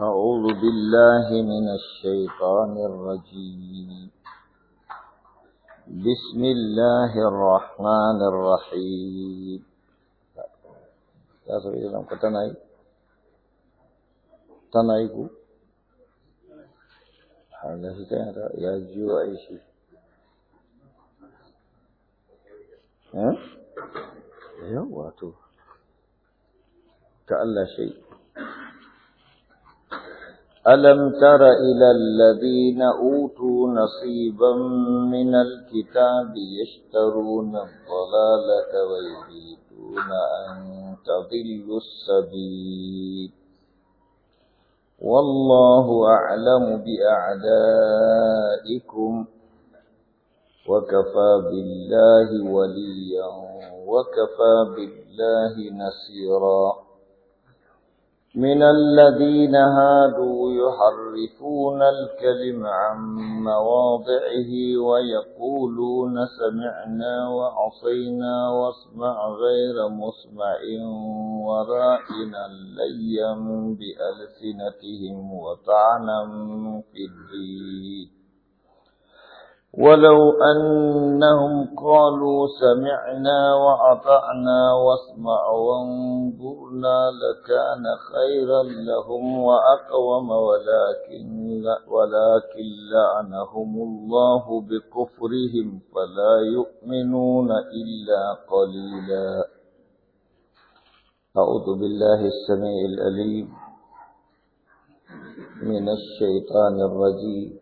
أعوذ بالله من الشيطان الرجيم بسم الله الرحمن الرحيم يا سبيل الله كتناي تنايكو هذا في كان يا جو أي شيء ها يا واتو كألا شيء ألم تر إلى الذين أوتوا نصيبا من الكتاب يشترون الضلالة ويريدون أن تضلوا السبيل والله أعلم بأعدائكم وكفى بالله وليا وكفى بالله نصيرا من الذين هادوا يحرفون الكلم عن مواضعه ويقولون سمعنا وعصينا واسمع غير مسمع ورائنا ليا بألسنتهم وطعنا في الدين ولو أنهم قالوا سمعنا وأطعنا واسمع وانظرنا لكان خيرا لهم وأقوم ولكن ولكن لعنهم الله بكفرهم فلا يؤمنون إلا قليلا أعوذ بالله السميع الأليم من الشيطان الرجيم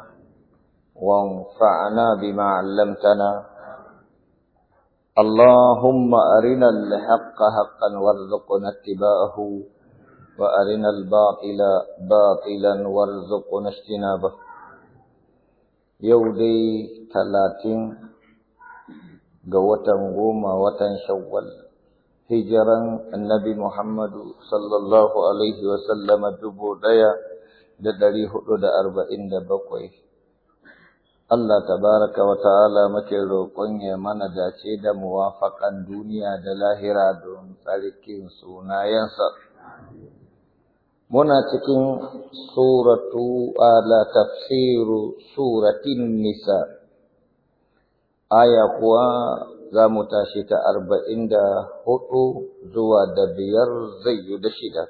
وانفعنا بما علمتنا اللهم أرنا الحق حقا وارزقنا اتباعه وأرنا الباطل باطلا وارزقنا اجتنابه يودي ثلاثين جوتن غوما وتن شوال هجرا النبي محمد صلى الله عليه وسلم دبو ديا لدى أربعين دبقوه Allah tabaraka wa ta'ala muke roƙon ya mana dace da muwafaƙan duniya da lahira don tsarkin sunayensa. Muna cikin suratu ala tafsiru suratin nisa, aya kuwa za mu tashi ta arba'in da hudu zuwa da biyar zai yi da shida.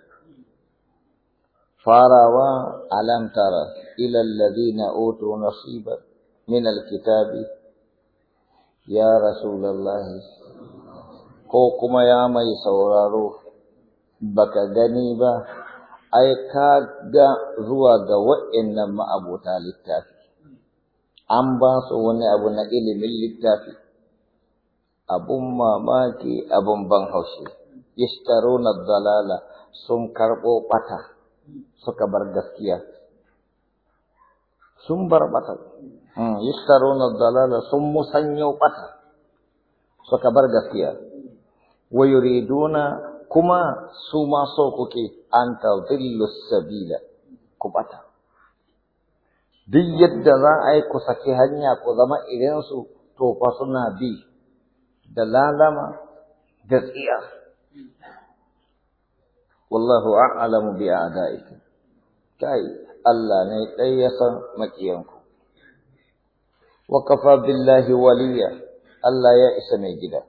Farawa alamtara na oto nasibar. min alkitabi ya lallahi, ko kuma ya mai sauraro baka gani ba ai ka ga zuwa da wa'annan ma'abota littafi an ba su wani abu na ilimin littafi abun mamaki abun ban haushe istaruna dalala sun karɓo bata suka bar gaskiya sun bar bata hmm, na dalala sun musanyo bata suka bar gaskiya wa yuriduna kuma su ma so kuke an tadillu sabila ku ɓata. duk yadda za a yi ku saki hanya ku zama irinsu to fa suna bi da lalama da tsiya wallahu a'lamu bi a'da'ikum kai Allah ne ɗai ya san makiyanku. wa kafa billahi waliya Allah ya isa mai gida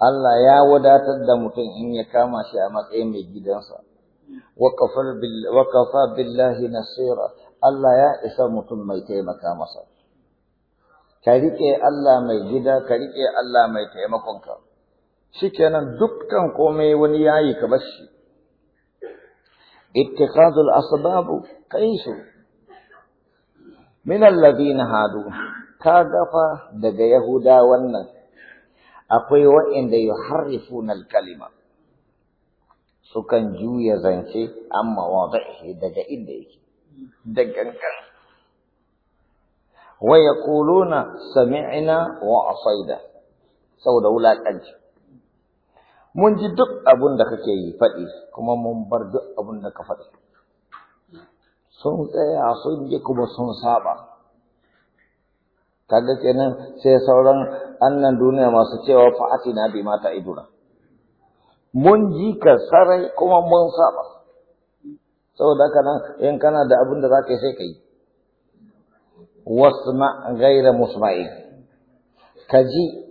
Allah ya wadatar da mutum in ya kama shi a matsayin mai gidansa wa kafa billahi nasira Allah ya isa mutum mai taimaka masa ka riƙe Allah mai gida ka riƙe Allah mai taimakonka shikenan dukkan komai wani yayi ka bar shi اتخاذ الأسباب كيس من الذين هادوا تاقف دقى يهودا ون أقوي وإن يحرفون الكلمة سكن جوية زنسي أما واضعه دقى إليه دقى ويقولون سمعنا وعصينا سو ولا أجل mun ji duk abin da kake yi faɗi kuma mun bar duk abin da ka faɗi sun tsaya sun ji kuma sun saba kaga kenan sai sauran annan duniya masu cewa fa'ati na bi mata iduna mun ji ka sarai kuma mun saba saboda haka nan in kana da abin da ka yi sai ka yi wasma gaira musma'i ka ji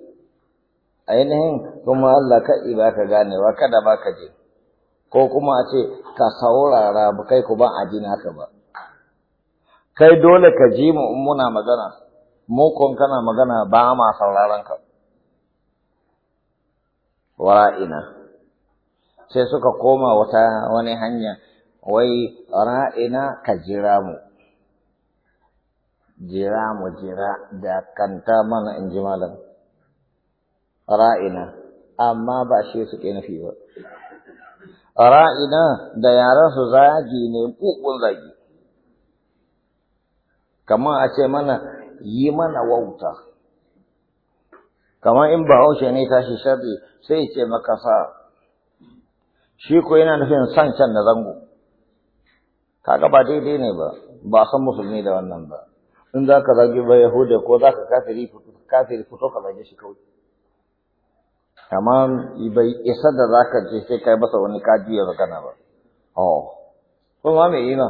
ainihin kuma Allah kaɗi ba ka ganewa kada ba ka je ko kuma a ce ka saurara ba kai ku ba a ji naka ba kai dole ka ji mu muna magana mu kana magana ba ma sauraron ka ina sai suka koma wata wani hanya wai ra'ina ka jira mu jira mu jira da kanta mana in ji malam ra'ina amma ba shi suke nufi ba ra'ina da yaran su zagi ne kukun zagi kamar a ce mana yi mana wauta kamar in ba haushe ne tashi sharri sai ce maka sa shi ko yana nufin san can da zango kaga ba daidai ne ba ba san musulmi da wannan ba in za ka zagi ba yahudai ko za ka kafiri fito ka zage shi kawai تمام يبقى يسد ذاك جيسي كي بس هو نكاد جيه آه. وكنا بس أوه فما مينا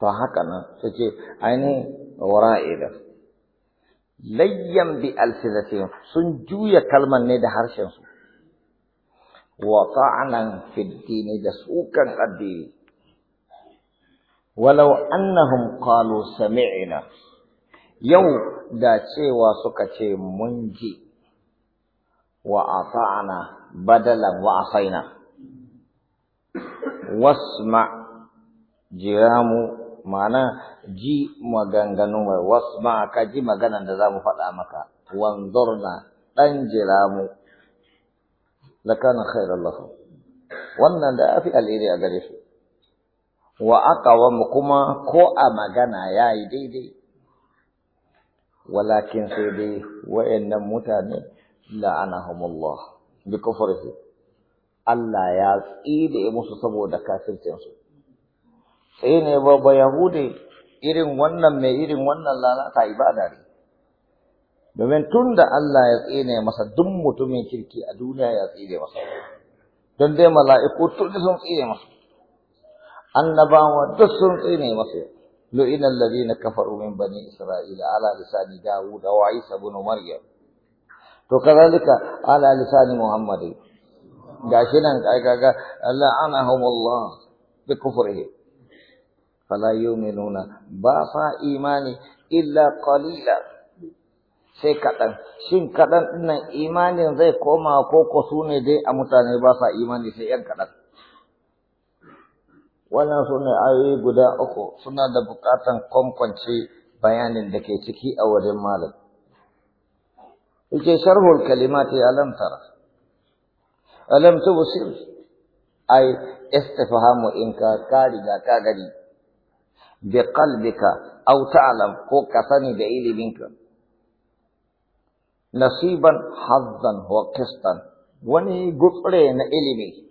تها كنا سجي أيني وراء إيدا ليم بألسنتهم سنجوي كلمة نيد هرشن وطعنا في الدين دسوكا الدين ولو أنهم قالوا سمعنا يوم da cewa suka ce mun ji wa ata'ana badalan wa asaina wasma jiramu ma'ana ji maganganu mai wasma ka ji maganan da za mu faɗa maka wanzurna ɗan jiramu lakana khairar lafa. wannan da ya fi a gare shi wa aka kuma ko a magana ya yi daidai walakin sai dai wa'annan mutane la'anahumullah bi kufrihi Allah ya tsire musu saboda kafircin su sai ne ba yahudi irin wannan mai irin wannan lalata ibada ne domin tunda Allah ya tsine masa duk mutumin kirki a duniya ya tsine masa don dai mala'iku tun sun tsine masa annabawa duk sun tsine masa لئن الذين كفروا من بني إسرائيل على لسان داود وعيسى بن مريم وكذلك على لسان محمد جاشنا لعنهم الله بكفره فلا يؤمنون باسا إيماني إلا قليلا sai kaɗan إن kaɗan ɗinnan imanin كوكو سوني دي أمتاني su ne dai wannan su ne guda uku suna da bukatan kwankwance bayanin da ke ciki a wajen malam yake sharhul kalimati alam tara alam tubsir ay istifhamu inka ka riga ka gani bi qalbika aw ta'lam ko kasani da iliminka nasiban hazzan wa qistan wani gutsure na ilimi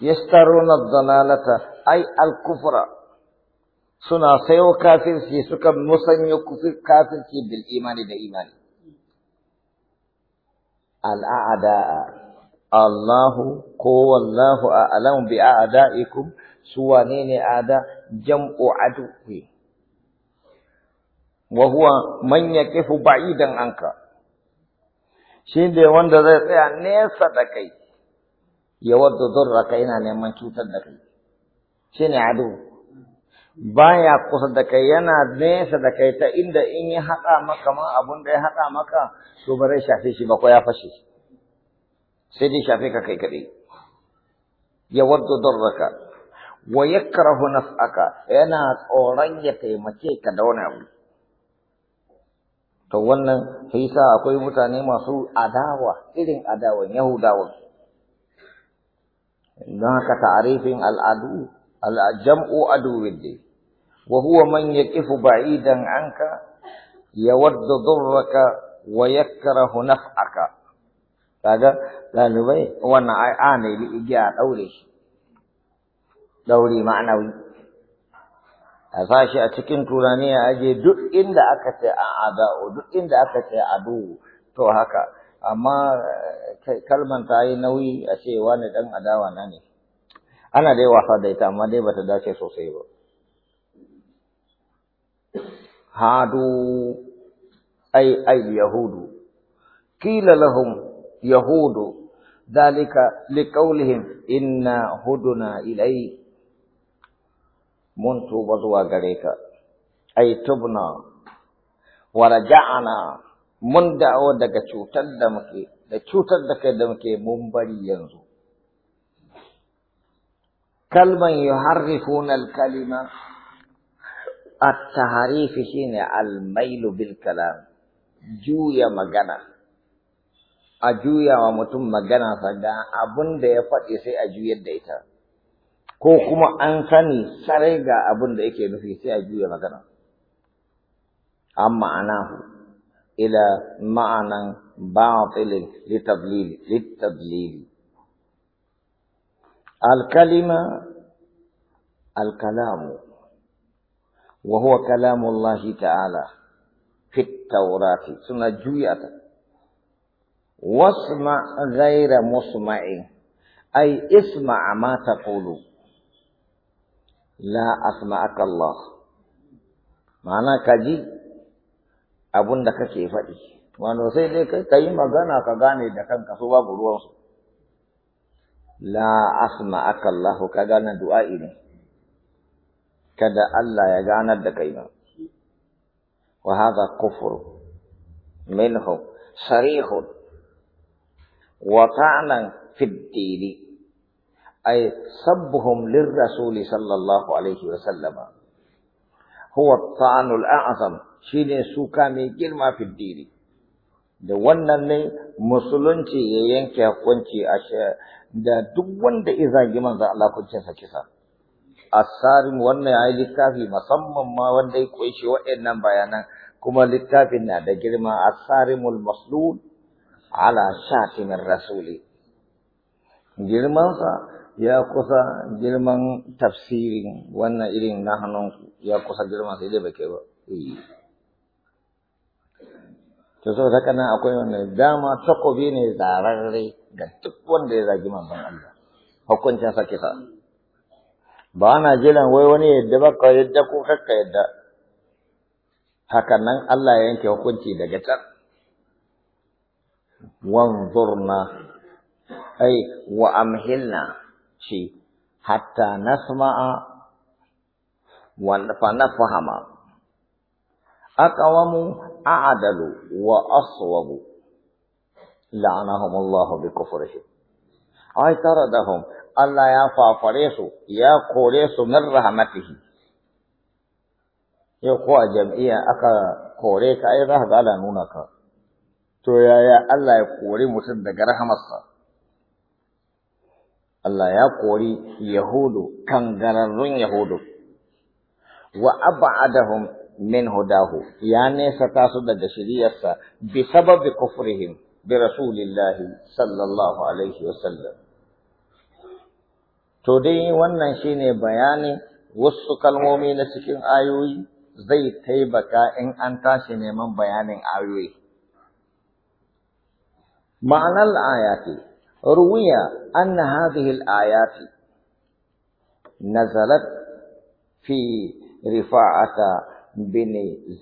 yastaruna dalalata ai al-kufra suna sayo kafirci suka musanya kufir kafirci bil imani da imani al-a'da'a Allahu ko wallahu a'lamu bi a'da'ikum su wane ne ada jam'u aduwi wa huwa man yaqifu ba'idan anka shi ne wanda zai tsaya nesa da kai ya wadda ka yana neman cutar da kai shi ne ado baya kusa da kai yana nesa da kai ta inda in ya haɗa maka ma abun da ya haɗa maka to ba zai shafe shi ba ya fashe sai dai shafe ka kai kaɗai ya wadda ka. wa ya yakrahu naf'aka yana tsoron ya taimake ka da wani abu to wannan sai akwai mutane masu adawa irin adawan yahudawan don haka ta'arifin al'adu al'ajam'u adu wadda وهو من يقف بعيدا عنك يود ضرك ويكره نفعك kaga dalibai wannan a ne bi igiya a ɗaure shi ɗaure ma'anawi a sashi a cikin turani ya aje duk inda aka ce a ada'u duk inda aka ce adu to haka amma kalman ta yi nauyi a ce wani dan adawa na ne ana dai wasa da ita amma dai bata dace sosai ba hadu ai ai yahudu kila lahum yahudu dalika liqaulihim inna huduna ilai mun tuba zuwa gare ka ai tubna wa raja'ana mun dawo daga cutar da muke da cutar da kai da muke mun bari yanzu kalman yuharrifuna al-kalima at-tahrif shine al-mailu bil kalam juya magana a juya wa mutum magana sanda abin da ya faɗi sai a juyar da ita ko kuma an sani sarai ga abin da yake nufi sai a juya magana amma ma'ana. إلى معنى باطل لتضليل للتضليل الكلمة الكلام وهو كلام الله تعالى في التوراة سنة جوية واسمع غير مسمع أي اسمع ما تقول لا أسمعك الله معنى كجي abun da kake faɗi wanda sai dai kai kai magana ka gane da kanka so babu ruwan su la asma akallahu ka gane du'a'i ne kada Allah ya gane da kai ba wa hadha kufru minhu sarihu wa ta'nan fi ad-dini أي سبهم للرسول صلى الله عليه وسلم taanul a'zam shine suka mai girma fiddiri da wannan ne musulunci ya yanke hukunci a da duk wanda ya zagi manzo Allah sa kisa asarin wannan ya littafi musamman ma wanda ya kunshi waɗannan bayanan kuma littafin na da girma asarimul maslul ala shatimin rasuli girmansa ya kusa girman tafsirin wannan irin na hannunku ya kusa girman sai dai bai kai ba eh. to saboda haka nan akwai wannan dama takobi ne zararre ga duk wanda ya zagi manzon Allah hukuncin sa kisa ba na jiran wai wani yadda ba ka yadda ko kakka yadda haka nan Allah ya yanke hukunci daga can wanzurna ai wa amhilna shi hatta nasma'a wa fa nafhama أقوم أعدل وأصوب لعنهم الله بكفرهم أي طردهم ألا يا فافريسو يا قوليسو من رحمته يقوى جمعية أكا قوليك أي رهد على نونك تو يا يا الله يقولي مسدق رحمة الله يا قولي يهود كان غررون يهود وأبعدهم min hudahu ya nesa tasu daga shiriyarsa bi sababi kufrihim bi rasulillahi sallallahu alaihi to dai wannan shine bayanin wasu kalmomi na cikin ayoyi zai taimaka in an tashi neman bayanin ayoyi ma'anar ayati ruwiya an hadhihi ayati nazalat fi rifa'ata بن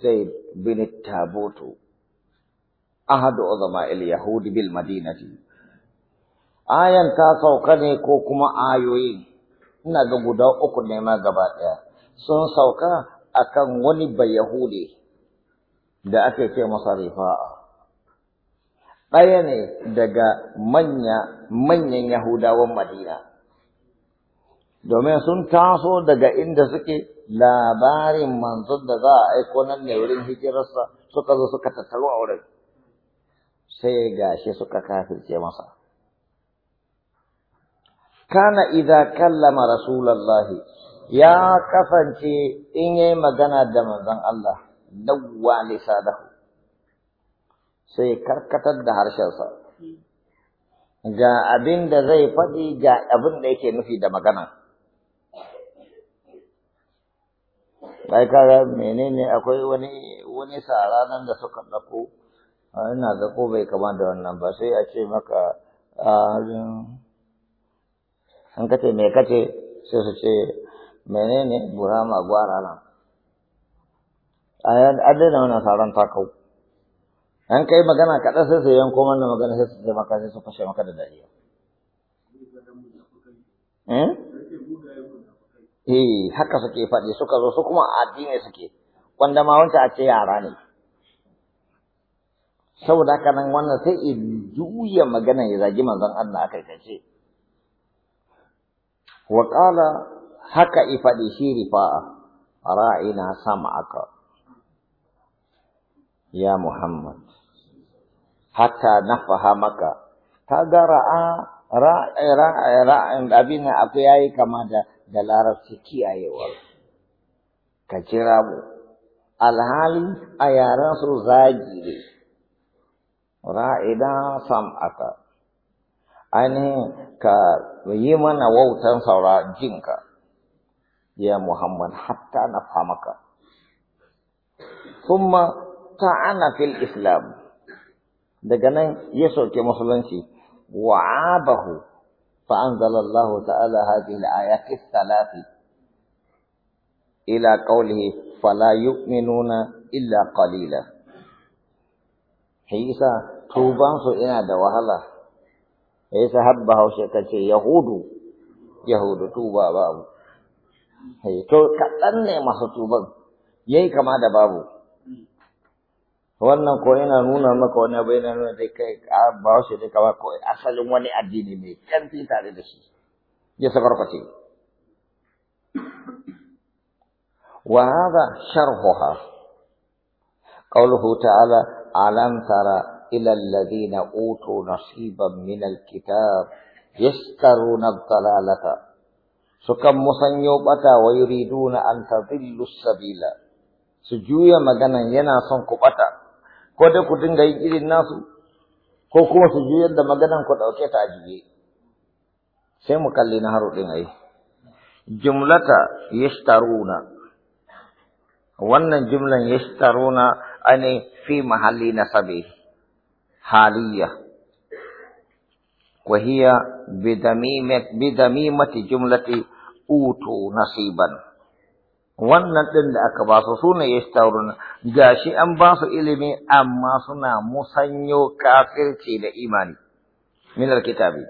زيد بن التابوت أحد عظماء اليهود ta sauka ne ko kuma آيوين ina ga guda uku ne ma gaba ɗaya sun sauka akan wani bayahudi da ake ce masa rifa'a ɗaya ne daga manya manyan yahudawan madina domin sun taso daga inda suke labarin manzon da za a aiko nan ne wurin hijirarsa suka zo suka tattaru a wurin sai gashi suka kafirce masa kana idza kallama rasulullahi ya kasance in yayi magana da manzon Allah dawwa lisadahu sai karkatar da harshensa ga abin da zai faɗi ga abin da yake nufi da magana ai kaga menene akwai wani wani sara nan da suka dako ah, ina ga ko bai kama da wannan ba sai a ce maka an ah, kace me kace sai su ce menene burama gwara nan ayan adana wannan saran kau an kai magana kada sai su yanko mana magana sai su ce maka sai su fashe maka da dariya eh eh haka suke faɗi suka zo su kuma addini suke wanda ma wancan a ce yara ne saboda haka nan wannan sai in juya magana ya zagi manzon Allah aka kace wa qala haka ifadi shi rifa'a ra'ina sam'aka ya muhammad hatta nafahamaka Ka ga ra'a ra'a ra'a abin da yayi kama da da larabci kiyayewa ka kira mu alhali a yaren su zagi ne ra'ida sam'aka ainihin ka yi mana wautan saura jinka ya muhammad hatta na famaka kuma ana fil islam daga nan ya sauke musulunci wa'abahu فأنزل الله تعالى هذه الآيات الثلاث إلى قوله فلا يؤمنون إلا قليلا حيث توبان سئنا دوهلا حيث هبه شكا يهود يهود توبا بابو حيث كتن ne masu يهي كما دبابو wannan ko yana nuna maka wani abu yana nuna dai kai ba wasu dai kawai ko asalin wani addini mai ƙarfi tare da shi ya sabar ce wa hadha sharhuha qawluhu ta'ala alam tara ila alladhina utu nasiban min alkitab yastaruna dalalata sukan musanyo bata wa yuriduna an tadillu sabila su juya maganan yana son ku bata ko dai ku dinga yin irin nasu ko kuma su juyar da maganan ku ɗauke ta a sai mu kalli na haru ɗin ai jumlata yashtaruna wannan jumlan yashtaruna ane fi mahalli nasabi haliyya hiya بدميمة, bidamimati jumlati utu nasiban. wannan ɗin da aka ba su su ne yastawruna gashi an ba su ilimi amma suna musanyo kafirci da imani min alkitabi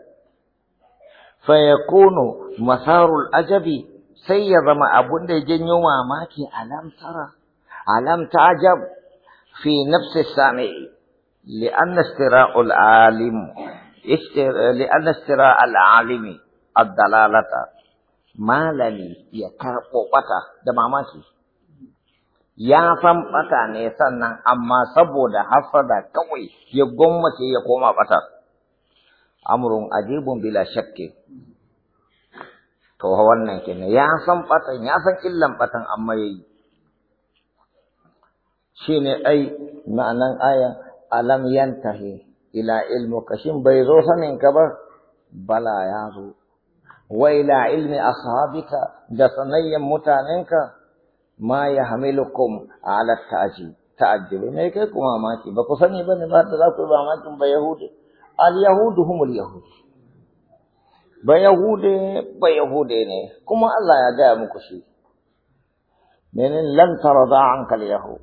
fa yakunu masarul ajabi sai ya zama abun da ya janyo mamaki alam tara alam ta'jab fi nafsi sami'i لأن استراء العالم استر... لأن استراء العالم الدلالة malami ya karɓo ɓata da mamaki. Ya san ɓata ne sannan amma saboda hasada kawai ya gwammace ya koma ɓata. Amurin ajibun bila shakke. To wannan kenan ya san ɓatan ya san illan ɓatan amma ya yi. Shi ne ai ma'anan aya, alam yantahi ila ilmu kashin bai zo saninka ba bala ya zo. وإلى علم أصحابك جسمي متى ما يحملكم على التعجيب تعجب إنك كما ماك بقصني بني ما تذكر بأماكم بيهود اليهود هم اليهود بيهود بيهود إني كما الله يدعى مكشي من لن ترضى عنك اليهود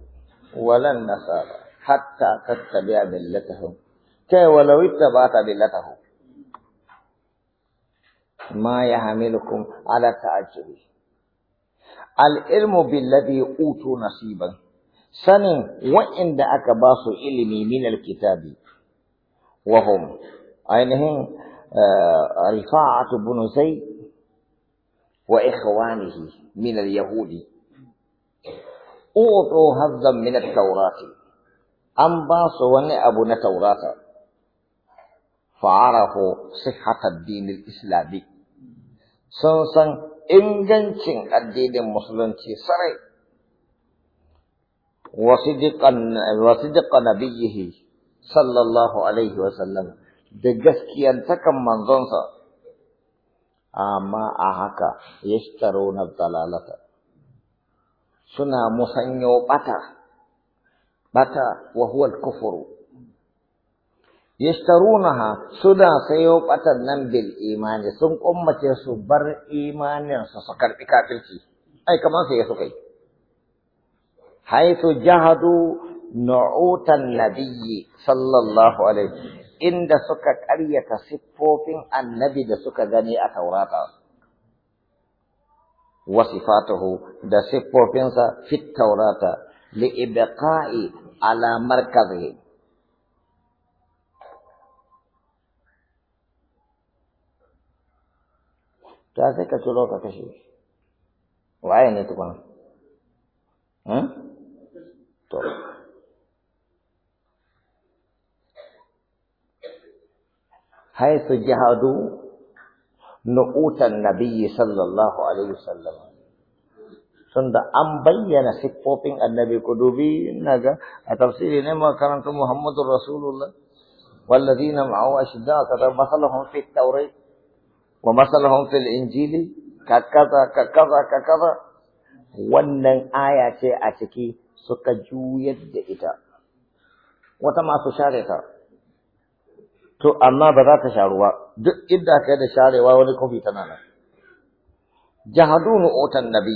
ولن نصارى حتى تتبع ملتهم كي ولو اتبعت ملتهم ما يحملكم على التعجب العلم بالذي أوتوا نصيبا سن وإن دعك اكباس علمي من الكتاب وهم أينهم آه، رفاعة بن زيد وإخوانه من اليهود أوتوا هزا من التوراة أن باص ابو نتوراة فعرفوا صحة الدين الإسلامي sun san ingancin addinin musulunci sarai وصدق نبيه sallallahu alaihi wa sallam da gaskiyantakan manzonsa amma a haka yashtaro na dalalata suna musanyo bata bata wa huwa al-kufru yastarunaha suna sayo batan nan bil imani sun kummace su bar imanin su su karbi kafirci ai kamar sai su kai haythu jahadu nu'utan nabiyyi sallallahu alaihi inda suka karyata siffofin annabi da suka gani a taurata wa sifatuhu da siffofinsa fit taurata li ibqa'i ala markazihi ta sai ka ciro ka kashe shi waye ne tukuna to حيث جهدوا نقوت النبي صلى الله عليه وسلم tunda an bayyana siffofin annabi ku dubi naga a tafsiri ne ma karanta Muhammadur Rasulullah wallazina ma'ahu ashidda kada masalahum fi tawrat ومثلهم في الإنجيل ككذا ككذا ككذا wannan aya ce a ciki suka juyar da ita wata masu share ta to amma ba za ta sharu ba duk inda kai da sharewa wani kofi tana nan jahadu nu'utan nabi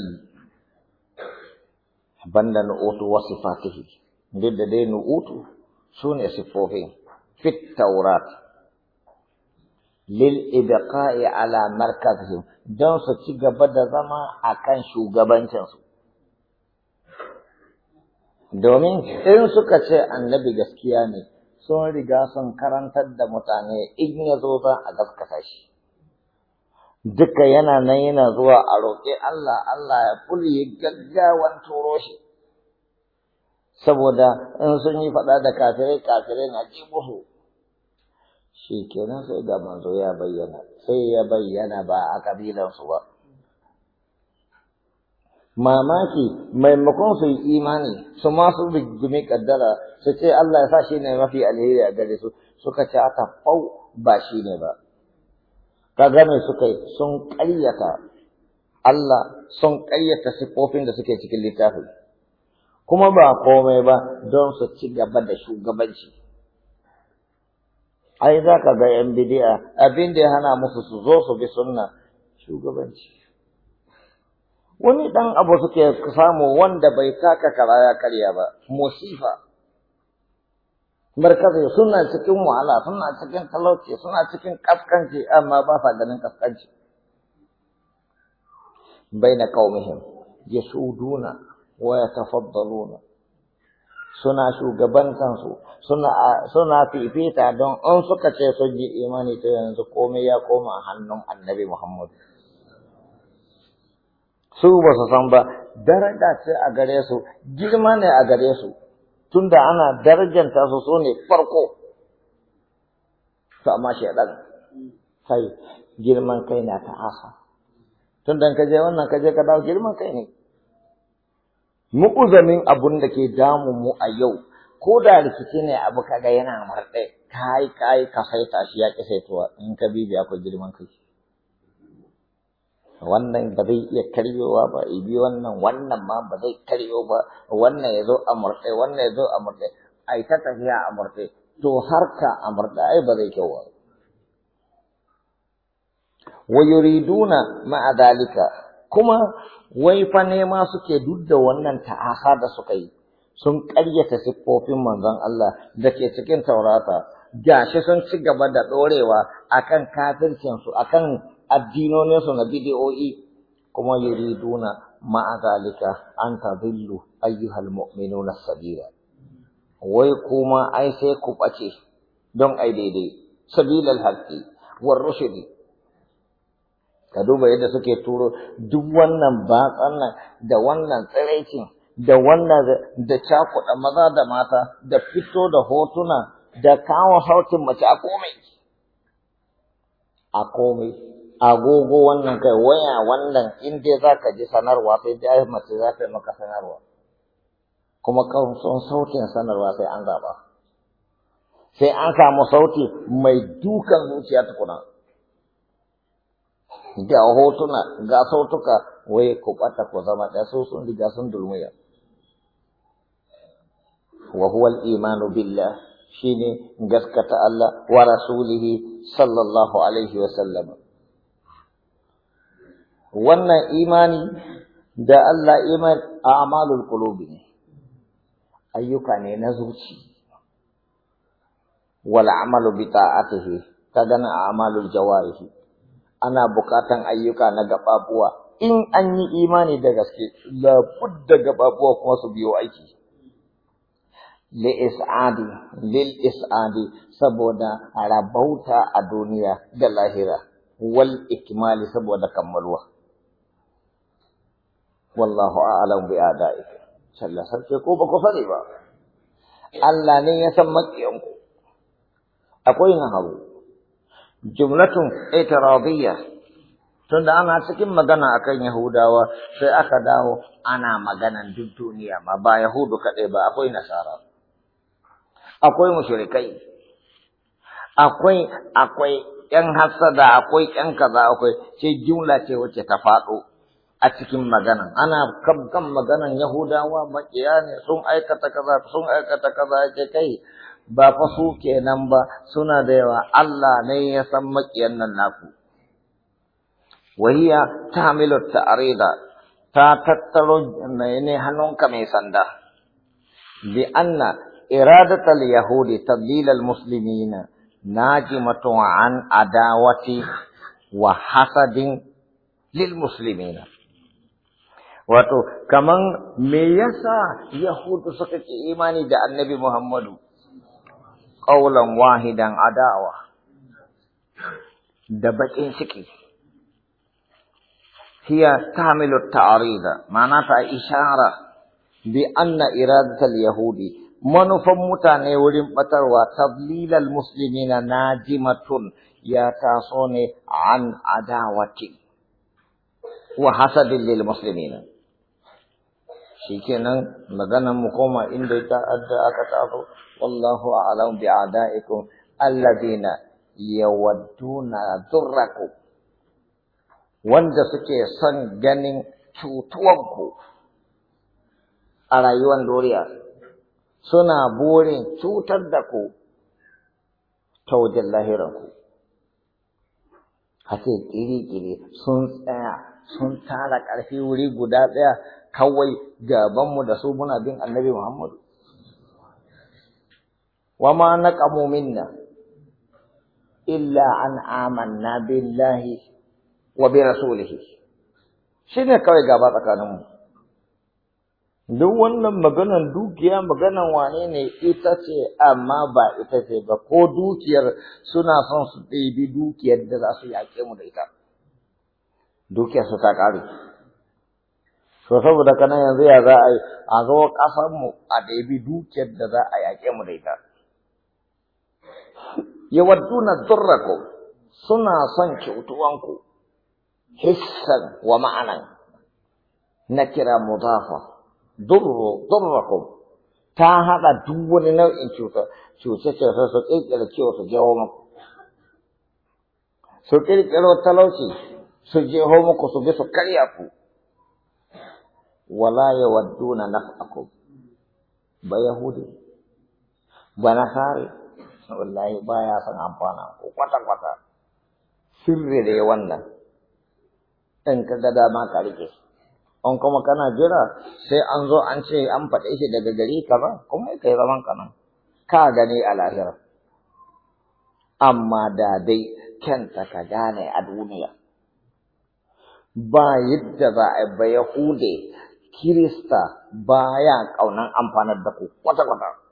banda nu'utu wa sifatihi duk da dai nu'utu sune siffofin fit taurat lil ibqa'i ala markazihim don su ci gaba da zama akan shugabancinsu domin in suka ce annabi gaskiya ne sun riga sun karantar da mutane in ya zo za a gaskata shi duka yana nan yana zuwa a roƙe Allah Allah ya kuli gaggawan turo shi saboda in sun yi faɗa da kafirai kafirai na ji musu shi kenan sai ga manzo ya bayyana sai ya bayyana ba a kabilansu ba mamaki maimakon su imani su ma su rigumi kaddara su ce Allah ya sa shi ne mafi alheri a gare su suka ce aka fau ba shi ne ba kaga gane suka yi sun ƙaryata Allah sun ƙayyata siffofin da suke cikin littafin kuma ba komai ba don su ci gaba da shugabanci ai za ka ga yan bidiya abin da ya hana musu su zo su bi sunna shugabanci wani ɗan abu suke samu wanda bai taka karaya karya ba musifa markazai suna cikin wahala suna cikin talauci suna cikin kaskanci amma ba sa ganin kaskanci baina qaumihim yasuduna wa yatafaddaluna suna shugaban kansu, suna suna fifita don an suka ce sun yi imani ta yanzu komai ya koma hannun annabi Muhammad su ba su san ba daraja ce a gare su girma ne a gare su tunda ana darajanta su su ne farko to amma shedan kai girman kai na ta asa tunda ka je wannan ka je ka dawo girman kai ne mu'uzamin abun da ke damun mu a yau ko da rikici ne abu kaga yana marɗe kai kai ka saita shi ya ki saituwa in ka bibi akwai girman kai wannan ba zai iya karyowa ba ibi wannan wannan ma ba zai karyo ba wannan ya zo a murɗe wannan ya zo a murɗe ai ta tafiya a murɗe to harka a murɗe ai ba zai kyau ba wa yuriduna ma'a dalika kuma wai fa nema suke duk da wannan ta'asa da suka yi sun ƙaryata siffofin manzon Allah da ke cikin taurata gashi sun ci gaba da ɗorewa akan kafircinsu akan su na bidiyoyi kuma yuriduna duna ma'azalika an zillu ayyuhal na Sabira. wai kuma ai sai ku ɓace don ai daidai sabilal haqqi war rushdi ka duba yadda suke turo duk wannan batsan nan da wannan tsiraicin da wannan da cakuɗa maza da mata da fito da hotuna da kawo sautin mace a komai a komai agogo wannan kai waya wannan in dai za ka ji sanarwa sai dai mace za ta yi maka sanarwa kuma kan son sautin sanarwa sai an zaba, sai an samu sauti mai dukan zuciya tukuna da hotuna ga sautuka wai ku ɓata ku zama ɗaya su sun riga sun dulmuya wa huwa al-imanu billah shine gaskata Allah wa rasulihi sallallahu alaihi wa sallam wannan imani da Allah iman a'malul qulubi ne ayyuka ne na zuci wal amalu bi ta'atihi kaga a'malul jawarihi ana bukatan ayyuka na gababuwa in an yi imani da gaske labudda gababuwa kuma su biyo aiki is'adi lil is'adi saboda rabauta a duniya da lahira wal ikmali saboda kammaluwa wallahu a'lam bi a'da'ikum sallah sarke ko ba ku sani ba Allah ne ya san makiyanku akwai na haru jumlatun itiradiyya tunda ana cikin magana akan yahudawa sai aka dawo ana maganan duk duniya ma ba yahudu kaɗai ba akwai nasara akwai mushrikai akwai akwai ƴan hassada akwai ƴan kaza akwai sai jumla ce wacce ta faɗo a cikin magana ana kan maganan yahudawa makiya ne sun aikata kaza sun aikata kaza ce kai ba fa su kenan ba suna da yawa Allah ne ya san maƙiyan nan naku wahiya ta ta'rida ta ta tattaro ne hannunka mai sanda bi anna إرادة اليهود تضليل المسلمين ناجمة عن عداوة وحسد للمسلمين wato kaman me yasa yahudu suka ki imani da annabi Muhammadu qawlan wahidan adawa da bakin ciki hiya tamilu ta'rida ma'ana ta ishara bi anna iradat al yahudi manufan mutane wurin batarwa tablil al muslimina najimatun ya taso ne an adawati wa hasadin lil muslimina shikenan maganan mu koma inda ta adda aka taso wallahu a'lam bi'adaikum alladhina yawadduna dhurrakum wanda suke son ganin cutuwanku a rayuwar duniya suna burin cutar da ku ta wajen lahiranku Hace kiri-kiri sun tsaya sun tara ƙarfi wuri guda ɗaya kawai gabanmu da su muna bin annabi Muhammadu. وما نقموا منا إلا أن آمنا بالله وبرسوله شنو كوي غابا تكانم duk wannan maganan dukiya maganan wane ne ita ce amma ba ita ce ba ko dukiyar suna son su ɗebi dukiyar da za su yaƙe mu da ita dukiyar su ta ƙare so saboda kana yanzu ya za a yi a zo ƙasar mu a ɗebi dukiyar da za a yaƙe mu da ita yawadduna durrakum suna son kyautuwanku hissan wa ma'anan na kira mudafa durru durrakum ta haɗa duk wani nau'in cuta Cuta ce sai su ƙirƙira cewa su jeho muku su ƙirƙiro talauci su jeho muku su bi su karya ku wala yawadduna naf'akum ba yahudi ba nasari wallahi baya son amfana ko kwata-kwata sirri da wannan in ka ga dama ka rike an kuma kana jira sai an zo an ce an faɗe shi daga gari ka ba kuma kai zaman ka nan ka gani a lahira amma da dai kenta ka gane a duniya ba yadda za a ba yahude kirista baya ƙaunar amfanar da ku kwata-kwata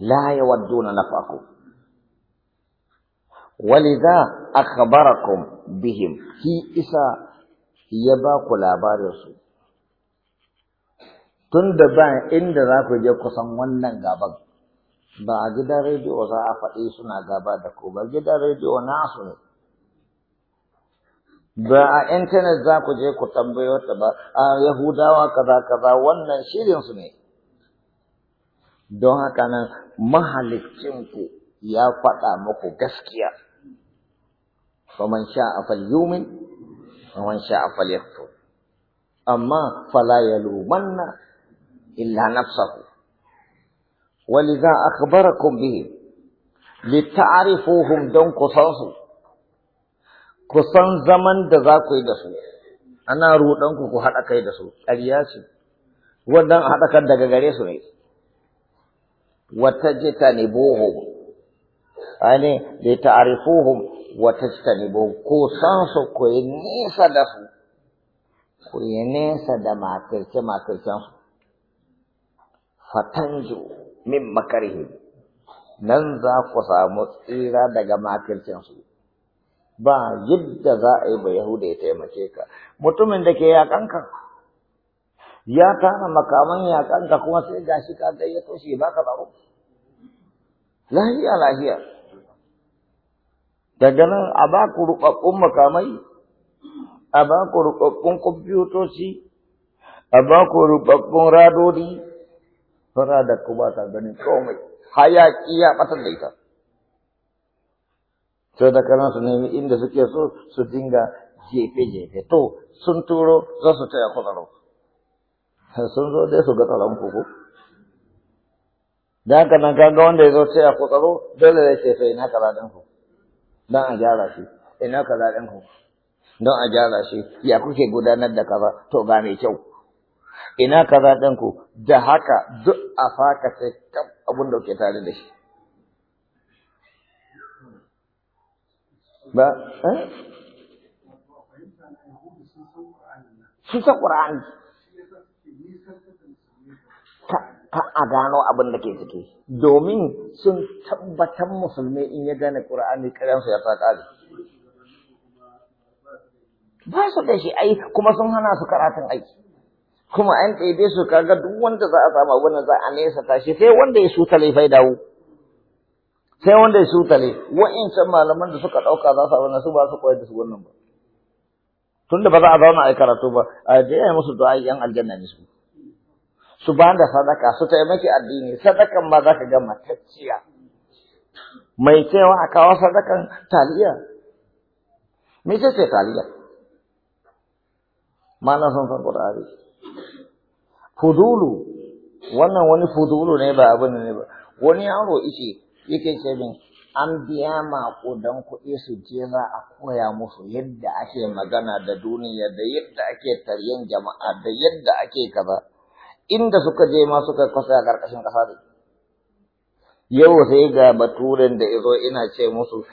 la yawadduna nafakum walidha akhbarakum bihim shi isa ya ba ku labarinsu tun da ba inda za ku je kusan wannan gaban ba a gidan rediyo za a faɗi suna gaba da ku ba gidan rediyo nasu ne ba a intanet za ku je ku tambayo ta ba a yahudawa kaza kaza wannan shirinsu ne don haka nan ku ya faɗa muku gaskiya faman sha a falyumin man sha a falyakto amma falayalumanna illa nafsahu wali za a kabara kumbi littarifohun don kusansu kusan zaman da za ku yi da su ana ruɗanku ku haɗa kai da su ƙarya ce wannan haɗa kan daga gare su ne watajtanibuhum yani litaarifuhum watajtanibuhum kusansu kuyi nisa da su kuyi nisa da makirce makircensu fatanju min makarihim nan za ku samu tsira daga makircensu Ba yadda za a yi ba Yahuda ya taimake ka, mutumin da ke yaƙanka, ya tana makaman yaƙanka kuma sai gashi shi ka gayyato shi ba ka baro. lahiya lahiya daga nan a ba ku makamai a ba ku rubabbun kwamfutoci a ba ku radodi fara da ku ba ta gani komai hayaki ya batar da ita sai da kana su nemi inda suke so su dinga jefe-jefe to sun turo za su taya ku sun zo dai su ga tsaron kuku. da haka nan kaga wanda ya zo sai a ku tsaro dole zai ce sai ina kaza ɗin ku don a gyara shi ina kaza ɗin ku don a gyara shi ya kuke gudanar da kaza to ga mai kyau ina kaza ɗin ku da haka duk a faka sai kam abin da kuke tare da shi ba eh sun san Qur'ani har a gano abin da ke ciki domin sun tabbatar musulmi in ya gane ƙur'ani ƙiransu ya sa ƙari ba su da shi ai kuma sun hana su karatun aiki kuma an ɗebe su kaga duk wanda za a samu abin za a nesa shi sai wanda ya sutale fai dawo sai wanda ya sutale wa'incan malaman da suka ɗauka za su abin su ba su koyar da su wannan ba tunda ba za a zauna a karatu ba a je musu du'a yan aljanna ne su su ba da sadaka su taimaki addini sadakan ma za ka ga matacciya mai cewa a kawo sadakan taliya me ce ce taliya mana sun san kurari fudulu wannan wani fudulu ne ba abin ne ba wani yaro ishe yake ce min an biya maƙudan kuɗi su je za a koya musu yadda ake magana da duniya da yadda ake taryen jama'a da yadda ake kaza inda suka je ma suka kwasa a ƙarƙashin ƙasa da yau sai ga baturen da zo ina ce musu